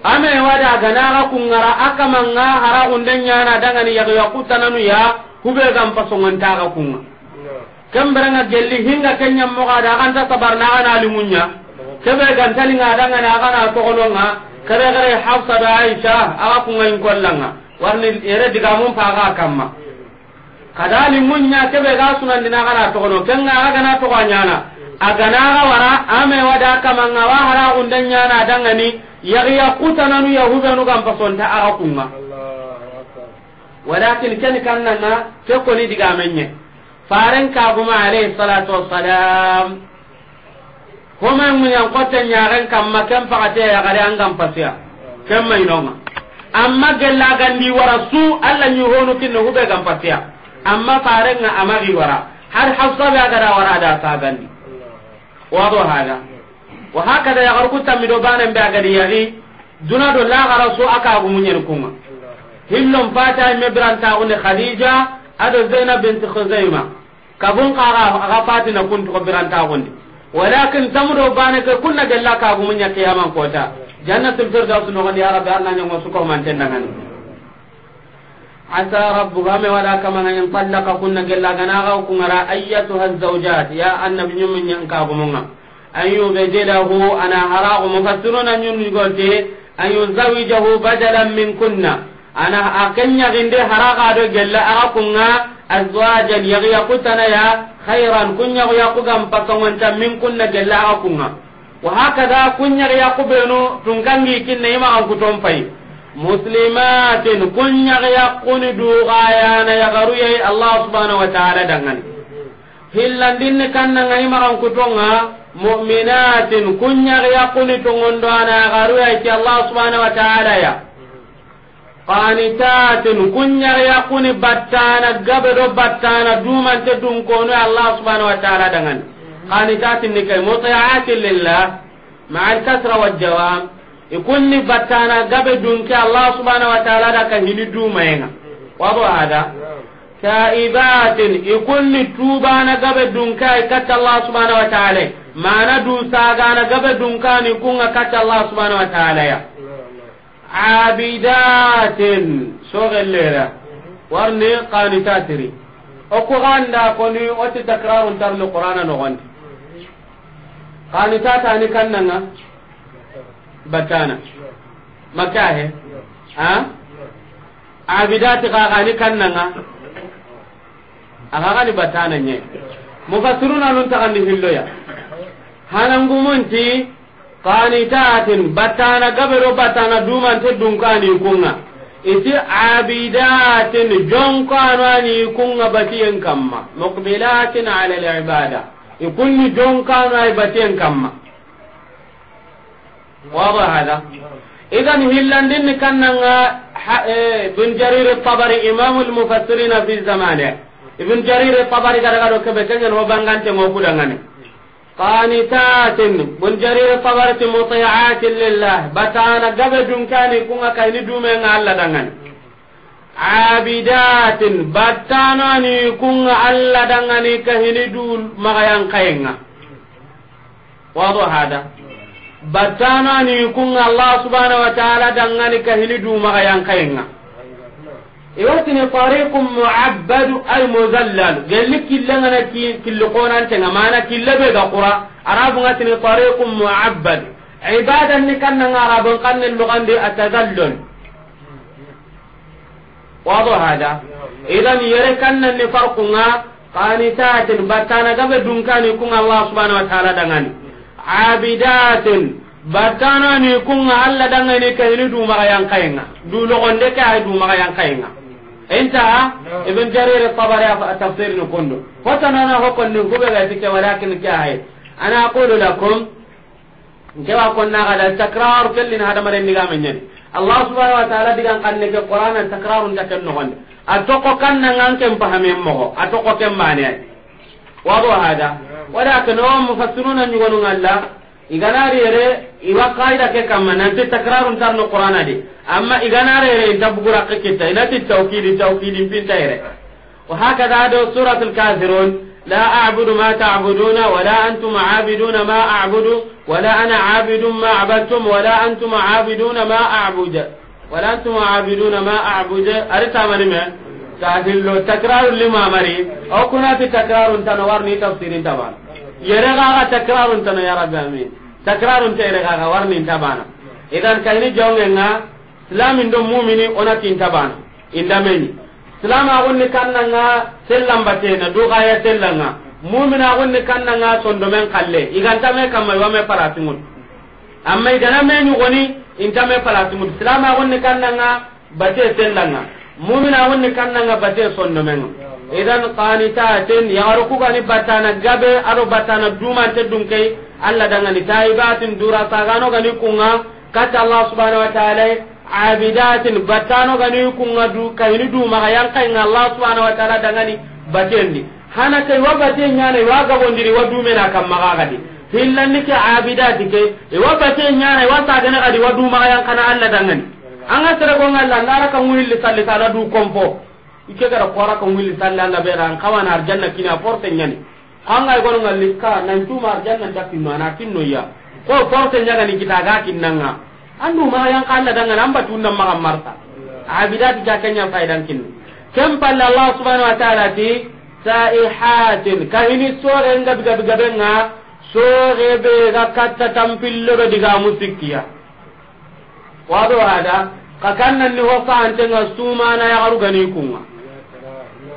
ame wada gana aka kungara aka manga hara unden yana dangani ya gaya ya kube kan wanta aka kunga kemberanga gelli hinga kenya moga da kan ta na ana limunya kebe kan talinga dangana aka na nga kare kare hafsa da aisha aka kunga in kollanga warni ere diga mun paga kamma kadali munya kebe ga sunan dina kana to kono na aga na to nyana agana ga wara ame wada kama ngawa hara undan nyana dangani kutana nu ya huza nu gam pasonta aga kunga walakin ken na ke ni diga menye faren ka kuma alayhi salatu wassalam homa mun yan kan ma kamma fa ate ya an gam pasya kem mai nonga amma gella gandi wara su alla ni honu kinno hube gam pasya amma farenga amagi wara har hafsa ga da wara da gani wato hada wa da ya garku tamido banen be agadi yari duna do la gara so aka gumunyen kuma hillon fata me branta ne khadija ado zainab bint khuzaima kabun qara aga fatina kun to branta ne walakin tamudo bane ke kunna galla ka gumunya kiyaman kota jannatul firdaus no ga ya rabbi anna su ko man tendangani asarar rabbu ga me wala kama nan talaka kunna gella gana ga ku ngara ayyatu hazzaujat ya annabi nyum nyang ka bu munga ayu be jedahu ana hara ku mufassiru nan nyum golte ayu zawijahu badalan min kunna ana akenya ginde hara ga do gella a ku nga azwaja yaghya kutana ya khairan kunya ya ku gam pakon min kunna gella a ku nga wa hakada kunya ya ku beno tungangi kinne ma an ku tompai muslimatin kun yaga ya duugayana yagaruyai allah subhanau wa taala dangani kanna kannanga imaran kutonga mu'minatin kun yaga yakkuni tongondo ana yagaruyai ti allah subhanau wa taala ya qanitatin kun yaga yakkuni battana gabe do battana dumante dunkono allah subhanau wa taala dangani qanitatin ni kay mutiatin lillah maa alkasra waljawab ikunni battana gabe dunke allah subhanahu wa ta'ala da kan hini dumayenga wado ada taibatin ikunni tubana gabe dunke katta allah subhanahu wa ta'ala mana du sagana gabe dunkani kunga katta allah subhanahu wa ta'ala ya abidatin sogellera warni qanitatiri oku ganda koni oti takrarun tarni qur'ana nogondi qanitatani kannanga batana makka he ha abidati ka gani kannanga aga gani batana nye mufassiruna nun tagandi hilloya hanangumunti qanitatin batana gabero batana dumante dunkani kunga iti abidatin jonkanani kunga batiyen kamma muqbilatin ala al-ibada ikunni jonkanai batiyen kamma واضح هذا اذا هلاندين كان بن جرير الطبري امام المفسرين في زمانه ابن جرير الطبري kada gado kebe kengen ho bangante mo kudangane qanitatin bun jarir tabari muti'atin lillah batana gabe dunkani kunga kaini dume nga Allah dangane abidatin batana ni kunga Allah dangane kahini dul magayan kayenga wado hada battana ni kunga allah subhanahu wa ta'ala dangani ka hili du maga yang kayenga iwatini tariqum mu'abbad ay muzallal gelli killanga na ki killu qonan tenga mana killa be ga qura arabu ngatini tariqum mu'abbad ibadan ni kanna arabun kanna lugandi atadallul wado hada idan yere kanna ni farqunga qanitatin battana gabe dunkani kunga allah subhanahu wa ta'ala dangani abidatin batana ni kunga alla danga ni kayni du ma yang kayenga du lo gonde ka du ma yang kayenga enta ibn jarir tabari tafsir ni kondo hotana na wado hada walakin wa mufassiruna ni wonu ngalla iganari yere iwa qaida ke kamma nanti takrarun tarno qur'ana di amma iganari yere inta bugura kitta inati tawkidi tawkidi pinta yere wa hakada do suratul kafirun لا أعبد ما تعبدون ولا أنتم عابدون ما أعبد ولا أنا عابد ما عبدتم ولا أنتم عابدون ما أعبد ولا أنتم عابدون ما أعبد أرتا من tahillo lima mari o kunati takrarun tana warni tafsirin tabana yere kaga takrarun tana ya rabbi amin takrarun ta yere kaga warni tabana idan kayni nga islamin do mumini onati tabana indameni silama gonni kannanga sellambatena dugaya sellanga mumina gonni kannanga sondomen kalle igantame kamma iwame paratingun amma igana meni goni intame paratingun silama gonni kannanga bate sellanga mumina wonni kannanga bate sondomenga idan qanitatin yagaru kugani battana gabe ado battana dumante dunkei allah dangani taibatin dura saganogani kunga katta allah subhanau wa taala abidatin battanogani kunga du kahini dumaga yankainga allah subhanau wa taala dangani batendi hana kai wa bate nyane wa gabondiri wa dumena kammagagadi hillanni ke abidati ke wa bate nyane wa sagana gadi wa dumaga yankana allah dangani anga sere ko ngalla lara kan wulli salli sala du kompo ike gara ko ara kan wulli salli alla be ran kawana arjanna kina porte nyani anga go ngalli ka nan tu ma mar janna da pinana kinno ya ko porte nyaga ni kita ga kinnanga andu ma yang kala danga namba tunna ma marta abidat ga kanya faidan kin kem palla allah subhanahu wa ta'ala ti saihatin kahini sore ngab gab gabenga sore be ga katta tampillo be diga musikkiya wado ada kakannan ni hofa suma na ya garu gani kunga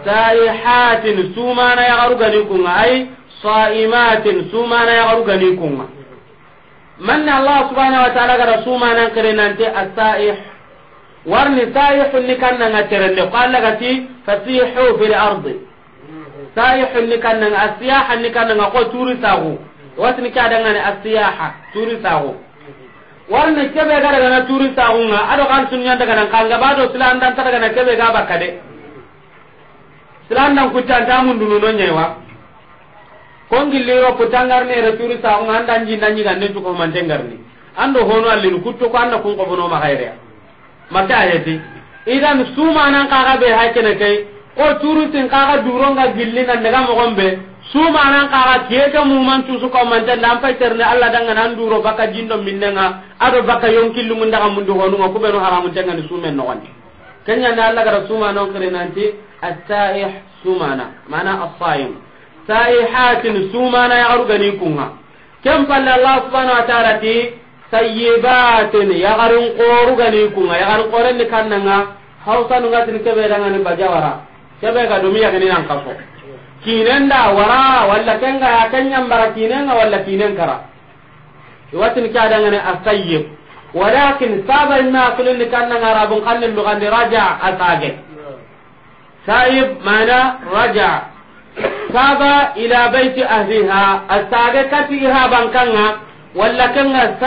saihatin sumana ya garu gani kunga ai saimatin sumana ya garu gani kunga man allah subhanahu wa ta'ala gara sumana kirenante asaih warni saihun ni kannanga terende ko allah gati fasihu fil ardi saihun ni kannanga asiyaha ni kannanga ko turi sahu watni kadangani asiyaha turi sahu warne kebe ga daga na turi taxunga aɗo kan sunña daga nan kanga ɓaɗo sila ta daga na kebe ga bakka de sila andan kutte anta mundunu no ñewa kongilliro putangarnere turi taxunga andan jinda ñiganden cukomantengarni ando hono allini kutto ko anda kun qoɓonoma hayrea maka heti idan sumanan ka ɓe ha kene kai ko turusin kaxa duronga nan daga moxon ɓe sumanan kaga keke mumantu su komante ndan pay terne allah danga nan duro baka jindo minnenga ado baka yonkillu mun daga mun dogo nunga kubenu haramu tanga ni sumen no wani kanya na alla gara sumanan kirenanti as-sa'ih sumana mana as-sa'im sa'ihatin sumana ya garu gani kunga kem palle allah subhanahu wa ta'ala ti sayyibatin ya garu qoru gani kunga ya garu qoren ni kannanga hausa nunga tin kebe danga ni bajawara kebe ga dumiya ni nan kaso da wara walla kenga ya kenya mbara kinenga walla kinen kara iwatin kada ngane asayyib walakin sabar ma kulun kanna arabun qallin lugandi raja asage sayib mana raja saba ila baiti ahliha asage katiha bankanga walla kenga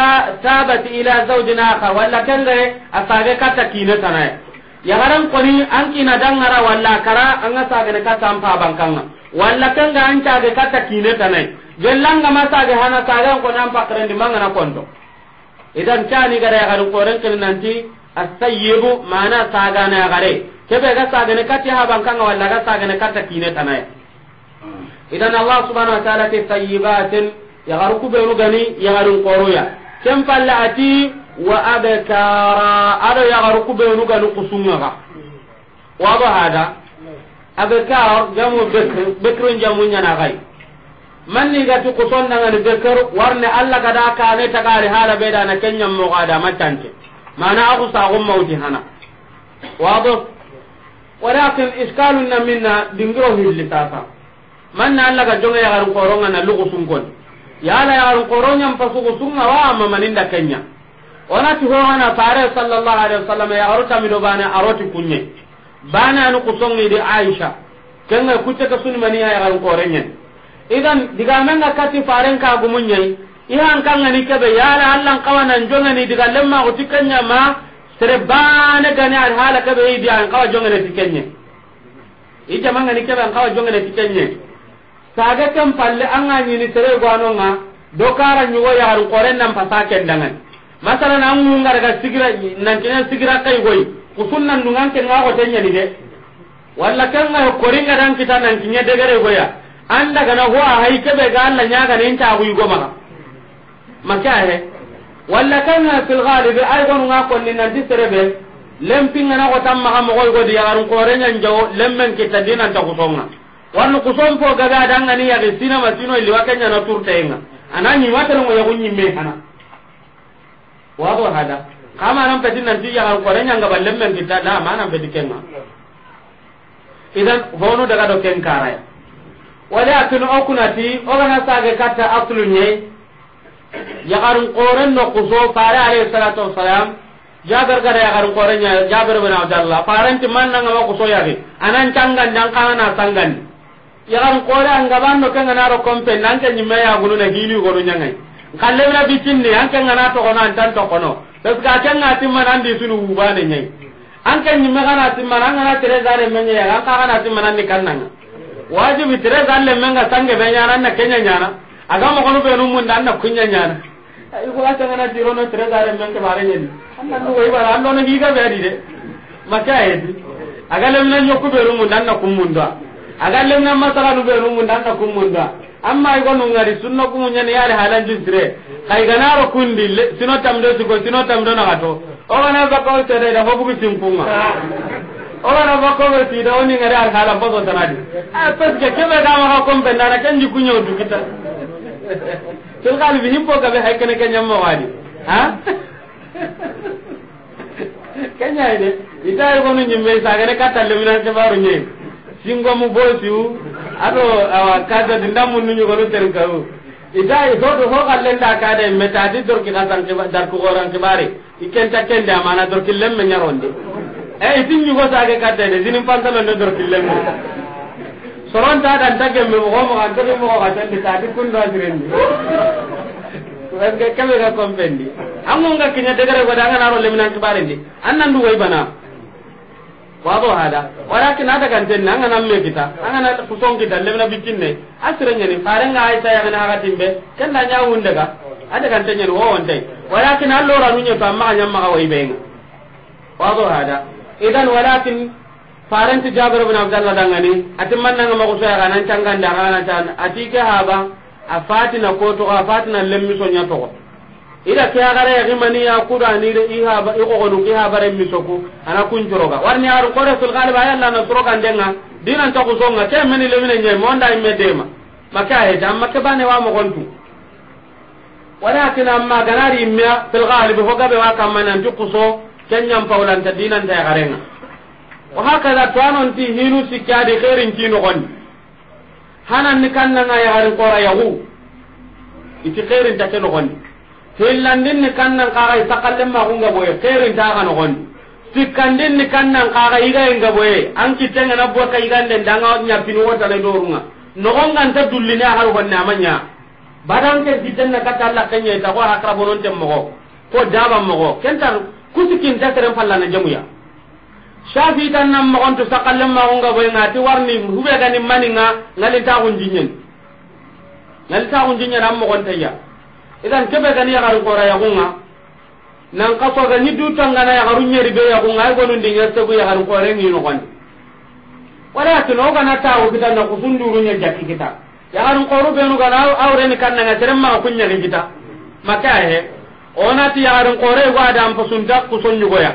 sabat ila zawjin ka walla kenga asage kata kinetana yagaran koni an kina dangara walla kara anga sagene kata ampa bankanga walla kanga anta de kata kine tanai gellanga masa de hana sagan ko nan pakran di mangana kondo idan tani gara ya garu koren kin nanti asayyibu mana saga na gare kebe ga saga ne kati ha bankan walla ga saga ne kata kine tanai idan allah subhanahu wa ta'ala ta sayyibatin ya garu ku beru gani ya garu koroya kem palla ati wa abkara ado ya garu ku beru gani kusunga wa ba hada aga ka jamu bekr bekr jamu nyana man ni ga tu son na ngani bekr warne alla ga da ka ne ta gari hala beda da na kenya mo ga da matante mana aku sa gum mauti hana wado walakin iskalun na minna dingro hilli man na alla ga jonga ya garu koronga na lugu sun kon ya la ya garu mpa mpasu kusunga wa ma maninda kenya onati ho ana tare sallallahu alaihi wasallam ya garu tamido bana aroti kunye bana anu kusongi di aisha kenga kutte ka suni mani ya ran kan korenye idan diga ga kati faren ka gumun gumunye ihan kan kanga ni ya la allah kawana jonga ni diga lemma ko tikanya ma sere bana gani al hala kebe idi an kawa jonga ni tikenye ija manga ni kebe an kawa jonga ni tikenye saga kan palle an ga ni sere gwano nga dokara nyugo ya ran koren nan pasake ndangan masalan an ngunga daga sigira nan tinya sigira kai goyi kusunna ndungan ke nga tenya nyani de walla kan nga koringa dan kita nan kinya de gare goya anda kana huwa hai ke be galla nya ga nin ta gu go maka maka he walla kan nga fil ghalib ay gon nga kon nin nan tisrebe lempin nga na ko tamma ha mo go di yarun ko re nyan jaw lemmen kita dinan ta kusonga warno kuson fo gaga dan ngani ya ge sina masino ili wakanya na turtenga anani mo ya me hana do hada kama nan peti nan ti ko kore yanga balle men kita da mana peti kenga idan honu daga do ken karay walakin okunati ogana sage katta aslu nye yagarun koren no kuso fara alayhi salatu wassalam jabar gara yagarun koren nya jabar bin abdallah faran ti man nan ma kuso ge anan cangan dan kana sangan yagarun kore an gaban no ken na ro kompe nan kan nyimme ya gulu na hili godo nyangai kalle bi bitinni an kenga na to kono an tan to kono parce que a akan na timman an di sunu ubane nyai an kan nyimme kana timman an kana tere zare menye an ka kana timman an ni kannanga wajibi tere zalle menga sange be nyana na kenya nyana aga mo kono be no mun an na kunya nyana ay ko asa ngana diro no tere zare ba bare nyedi amma no way bara ando no giga be adi de maka edi aga lemna nyokku be no mun dan na kumunda aga lemna masala no be no mun dan na kumunda amma igo ngari sunno kumu nyani yare halanjin tire kai ganaro kundi sino tamdo siko sino tamdo na gato ogana bako tere da hobu kitimpunga ogana bako be ti da oni ngare al halan bodo tanadi a ah, eh, paske kebe da ma ko kombe na na kanji kunyo dukita til kali bi himpo ka be haykene kenya ma wadi ha kenya ide ita ko nunyi me sa gane katalle minan ke baru nyi singo mu bosu ado awa kada ndamu mun nyu ko ter garu ida i do do ho galle da kada me ta di dor ki da tan ke dar ko ran ke bare iken ta ken da mana dor ki lem me nyaronde e eh, itin nyu ko sage kada ne zinin pantalo ne dor ki mo soron ta dan ta gemme mo mo kan tabi mo ka tan ta di kun do asirendi ran ke kebe ga kompendi amonga kinya degare go da ngana ro lemnan ke bare ndi annan du way bana wado hada walakin ada kan tenna anga namme kita anga na kusong kita lemna asira asirenya pare nga aita ya na haka timbe kenda nya hunde ga ada kan tenna wo ontai walakin allo ranu nya ta ma nya ma ga wi benga wado hada idan walakin farenti jabir ibn abdullah dangani atimman nanga ma kusa ya nan tanganda kana tan atike haba na koto afati na lemmi sonya to ida ke agare ya gimani ya kuda ni de iha ba iko gonu ke ha mi soku ana kun joroga warni aru qore sul galiba ya la na joroga ndenga dinan ta kusonga te meni le mine nyai monda imme dema maka he jam maka bane wa mo gontu walakin amma ganari imma fil galiba ho gabe wa kamana ndu kuso kenyam paulan ta dinan ta garenga wa hakaza tuano ti hinu sikadi khairin kinu gonni hanan ni kannanga ya garin qora yahu iti khairin ta kenu gonni hillandin ni kannan kaga itakalle ma kunga boye khairin ta kan gon tikandin ni kannan kaga iga inga boye an kitenga na boka igande ndanga nya pinu wata le dorunga no gonga nta dullina har gonna amanya badan ke kitenna kata Allah kanya ta ko hakra bonon tem mo ko daba mo kentar kusikin ta karen falla na jamuya shafi tan nan mo gonto sakalle ma kunga boye ngati warni hubega ni maninga ngalita gunjinyen ngalita gunjinyen am mo kon tayya idan kebe gani yagaru kora yagunga nan kaso gani dutangana yagaru nyeri be yagunga ay gonu ndinga sebu yagaru kore ngi no gondi walakin o ta tawo kita na kusunduru nya jakki kita yagaru koru be no gana awre ni kanna nga teremma kunya ni kita maka he onati yagaru kore wa dam pasunta kusonyu goya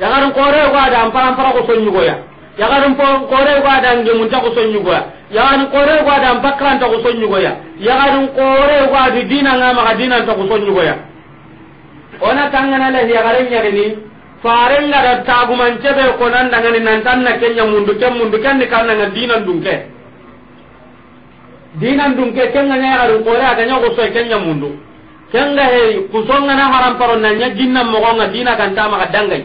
yagaru kore wa dam pam pam kusonyu goya yagarin po kore ko ada ngi mun ta ko sonyu go yagarin kore ko ada bakran ta ko sonyu ya yagarin kore ko ada dina nga ma dina ta ko sonyu go ya ona tangana le yagarin nyare ni faren ga ta gu man cebe ko nan daga ni nan tan na kenya mundu ken mundu ken ni kan nga dina dunke dina dunke ken nga yagarin kore ada nya ko so kenya mundu ken ga he kusonga na haram paron nan nya jinna mo nga dina kan ta ma dangai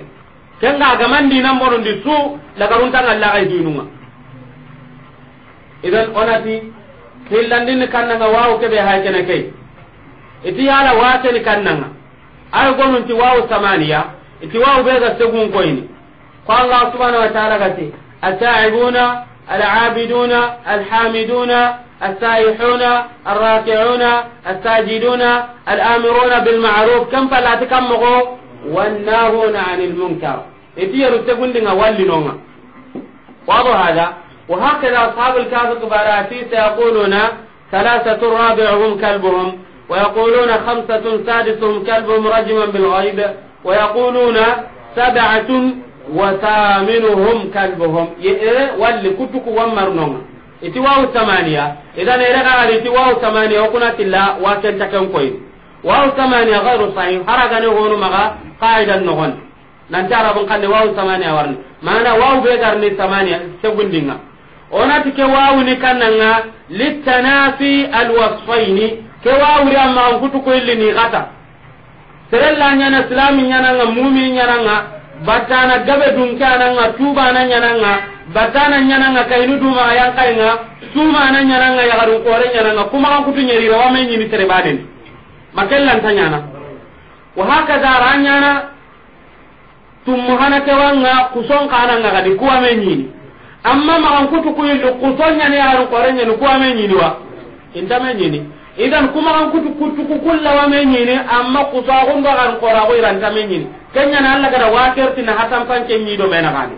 kenga gaman dinan di su lagaruntanga lagai dinunga idan onati hillandini kannanga wawu keɓe hay kene key iti yala wateni kannanga ay ti wawu samaniya iti wawu ɓega segun koyni ko allah subhanau wa taala gati asaibuna alabiduna alhamiduna السائحون الراكعون الساجدون الآمرون بالمعروف كم فلا تكمغوا والناهون عن المنكر اتير تقول لنا ولي نوما واضح هذا وهكذا أصحاب الكهف كباراتي سيقولون ثلاثة رابعهم كلبهم ويقولون خمسة سادسهم كلبهم رجما بالغيب ويقولون سبعة وثامنهم كلبهم إيه؟ ولي كتك ومر نوما iti wawu samaniya idan ere kaari iti wawu samaniya okunatilla كويس waw samaniya gairu sahih haragane honu maga qaidan nogon nanti arabun kanne waw samaniya warni mana waw be garni samaniya segundinga onati ke wawuni kannanga litanafi alwasfaini ke wawuri amma kutu ko illini gata serella nyana islami nyananga mumi nyananga batana gabe dunke ananga tubana nyananga batana nyananga kainu duma yang kainga tuma na na ya garun kore nyananga kuma kan kutu nyeri wa me nyini tere badeni makellan na wa hakaza ranyana tumuhana kewanga kuson kana nga kadi kuwa menyini amma magan kutu kuyi kuson nyani harun korenya ni kuwa menyini wa inta menyini idan kuma kan kutu kutu kulla wa menyini amma kuso agun do kora ko iran tamenyini kenya na Allah kada wakirti na hatan panke nyi do mena kani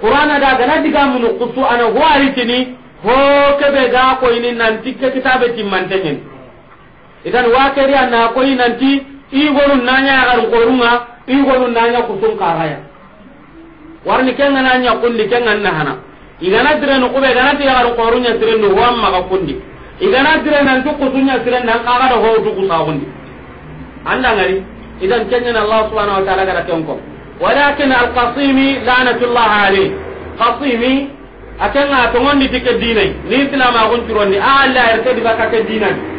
qur'ana da gana diga mun kusu ana huwaritini ho kebe ga ko ini nan tikke kitabe timmantenyen idan wa kariya na koyi nanti i gorun nanya garu gorunga i gorun nanya kusun karaya warni kenga nanya kundi kenga nahana igana no kube igana ti garu gorunya direnu wamma ka kundi igana direnu nanti kusunya dire nan kaga da ho du kusagundi anda ngari idan na allah subhanahu wa ta'ala gara tonko walakin alqasimi lanatullah alayhi qasimi akenga tongondi tike dinai ni tilama agun turonni a ah, allah irke dibaka ke dinai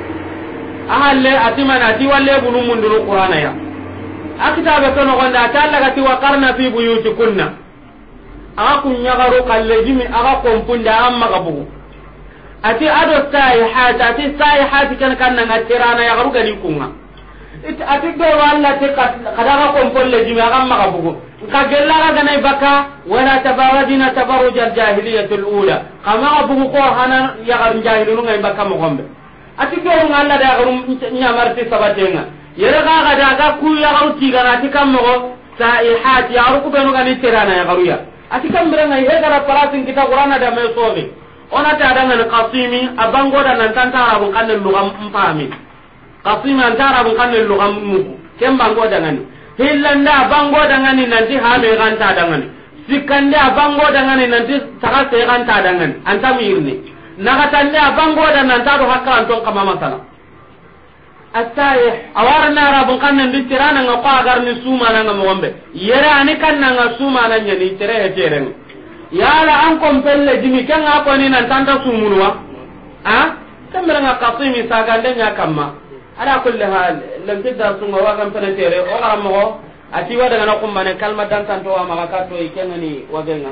ahalle atimana ati walle bunu mundunu qur'ana ya akitabe kono gonda ata Allah gati wa qarna fi jimi aga kunyagaru kallejimi aga kompunda amma gabugu ati ado saihati ati saihati kan kanna ngatirana yagaru gani kunga it ati do walla te kadaga kompolle jimi aga amma gabugu ka gellaga gana baka wala tabarajina tabaruj al jahiliyatul ula kama gabugu ko hanan yagaru jahilunu ngai baka mo gombe ati ke mun Allah da garum nyamar ti sabatenga yere ga ga da ga ku ya garu ti ga ati kam mo ihati ya ru ku no ga ni terana ya garu ya ati kam bere ngai he gara parasin kita qur'ana da me sobe ona ta da nan qasimi abango da nan tan tara bun kan lu gam mpami qasimi an tara bun kan lu gam mu kem bango da nan da bango da nan nan ti ha me kan ta da nan sikande bango da nan nan ti taga se kan ta da nan an ta mirni nakatanne a bangoda nanta do ton kama masala asaye awarna arabun kannan di tirana nga ko agar ni sumana nga mogombe yere ani kanna nga sumana nyani tere he tere yala an kon pelle jimi ken nga ko ni nan tanta sumunwa ha kamera nga qasimi sagande nya kamma ala kulli hal lam tidda sunga wa kan pele tere o garamo ati wada na kumbane kalma dan tanto wa maka to ikengani wagenga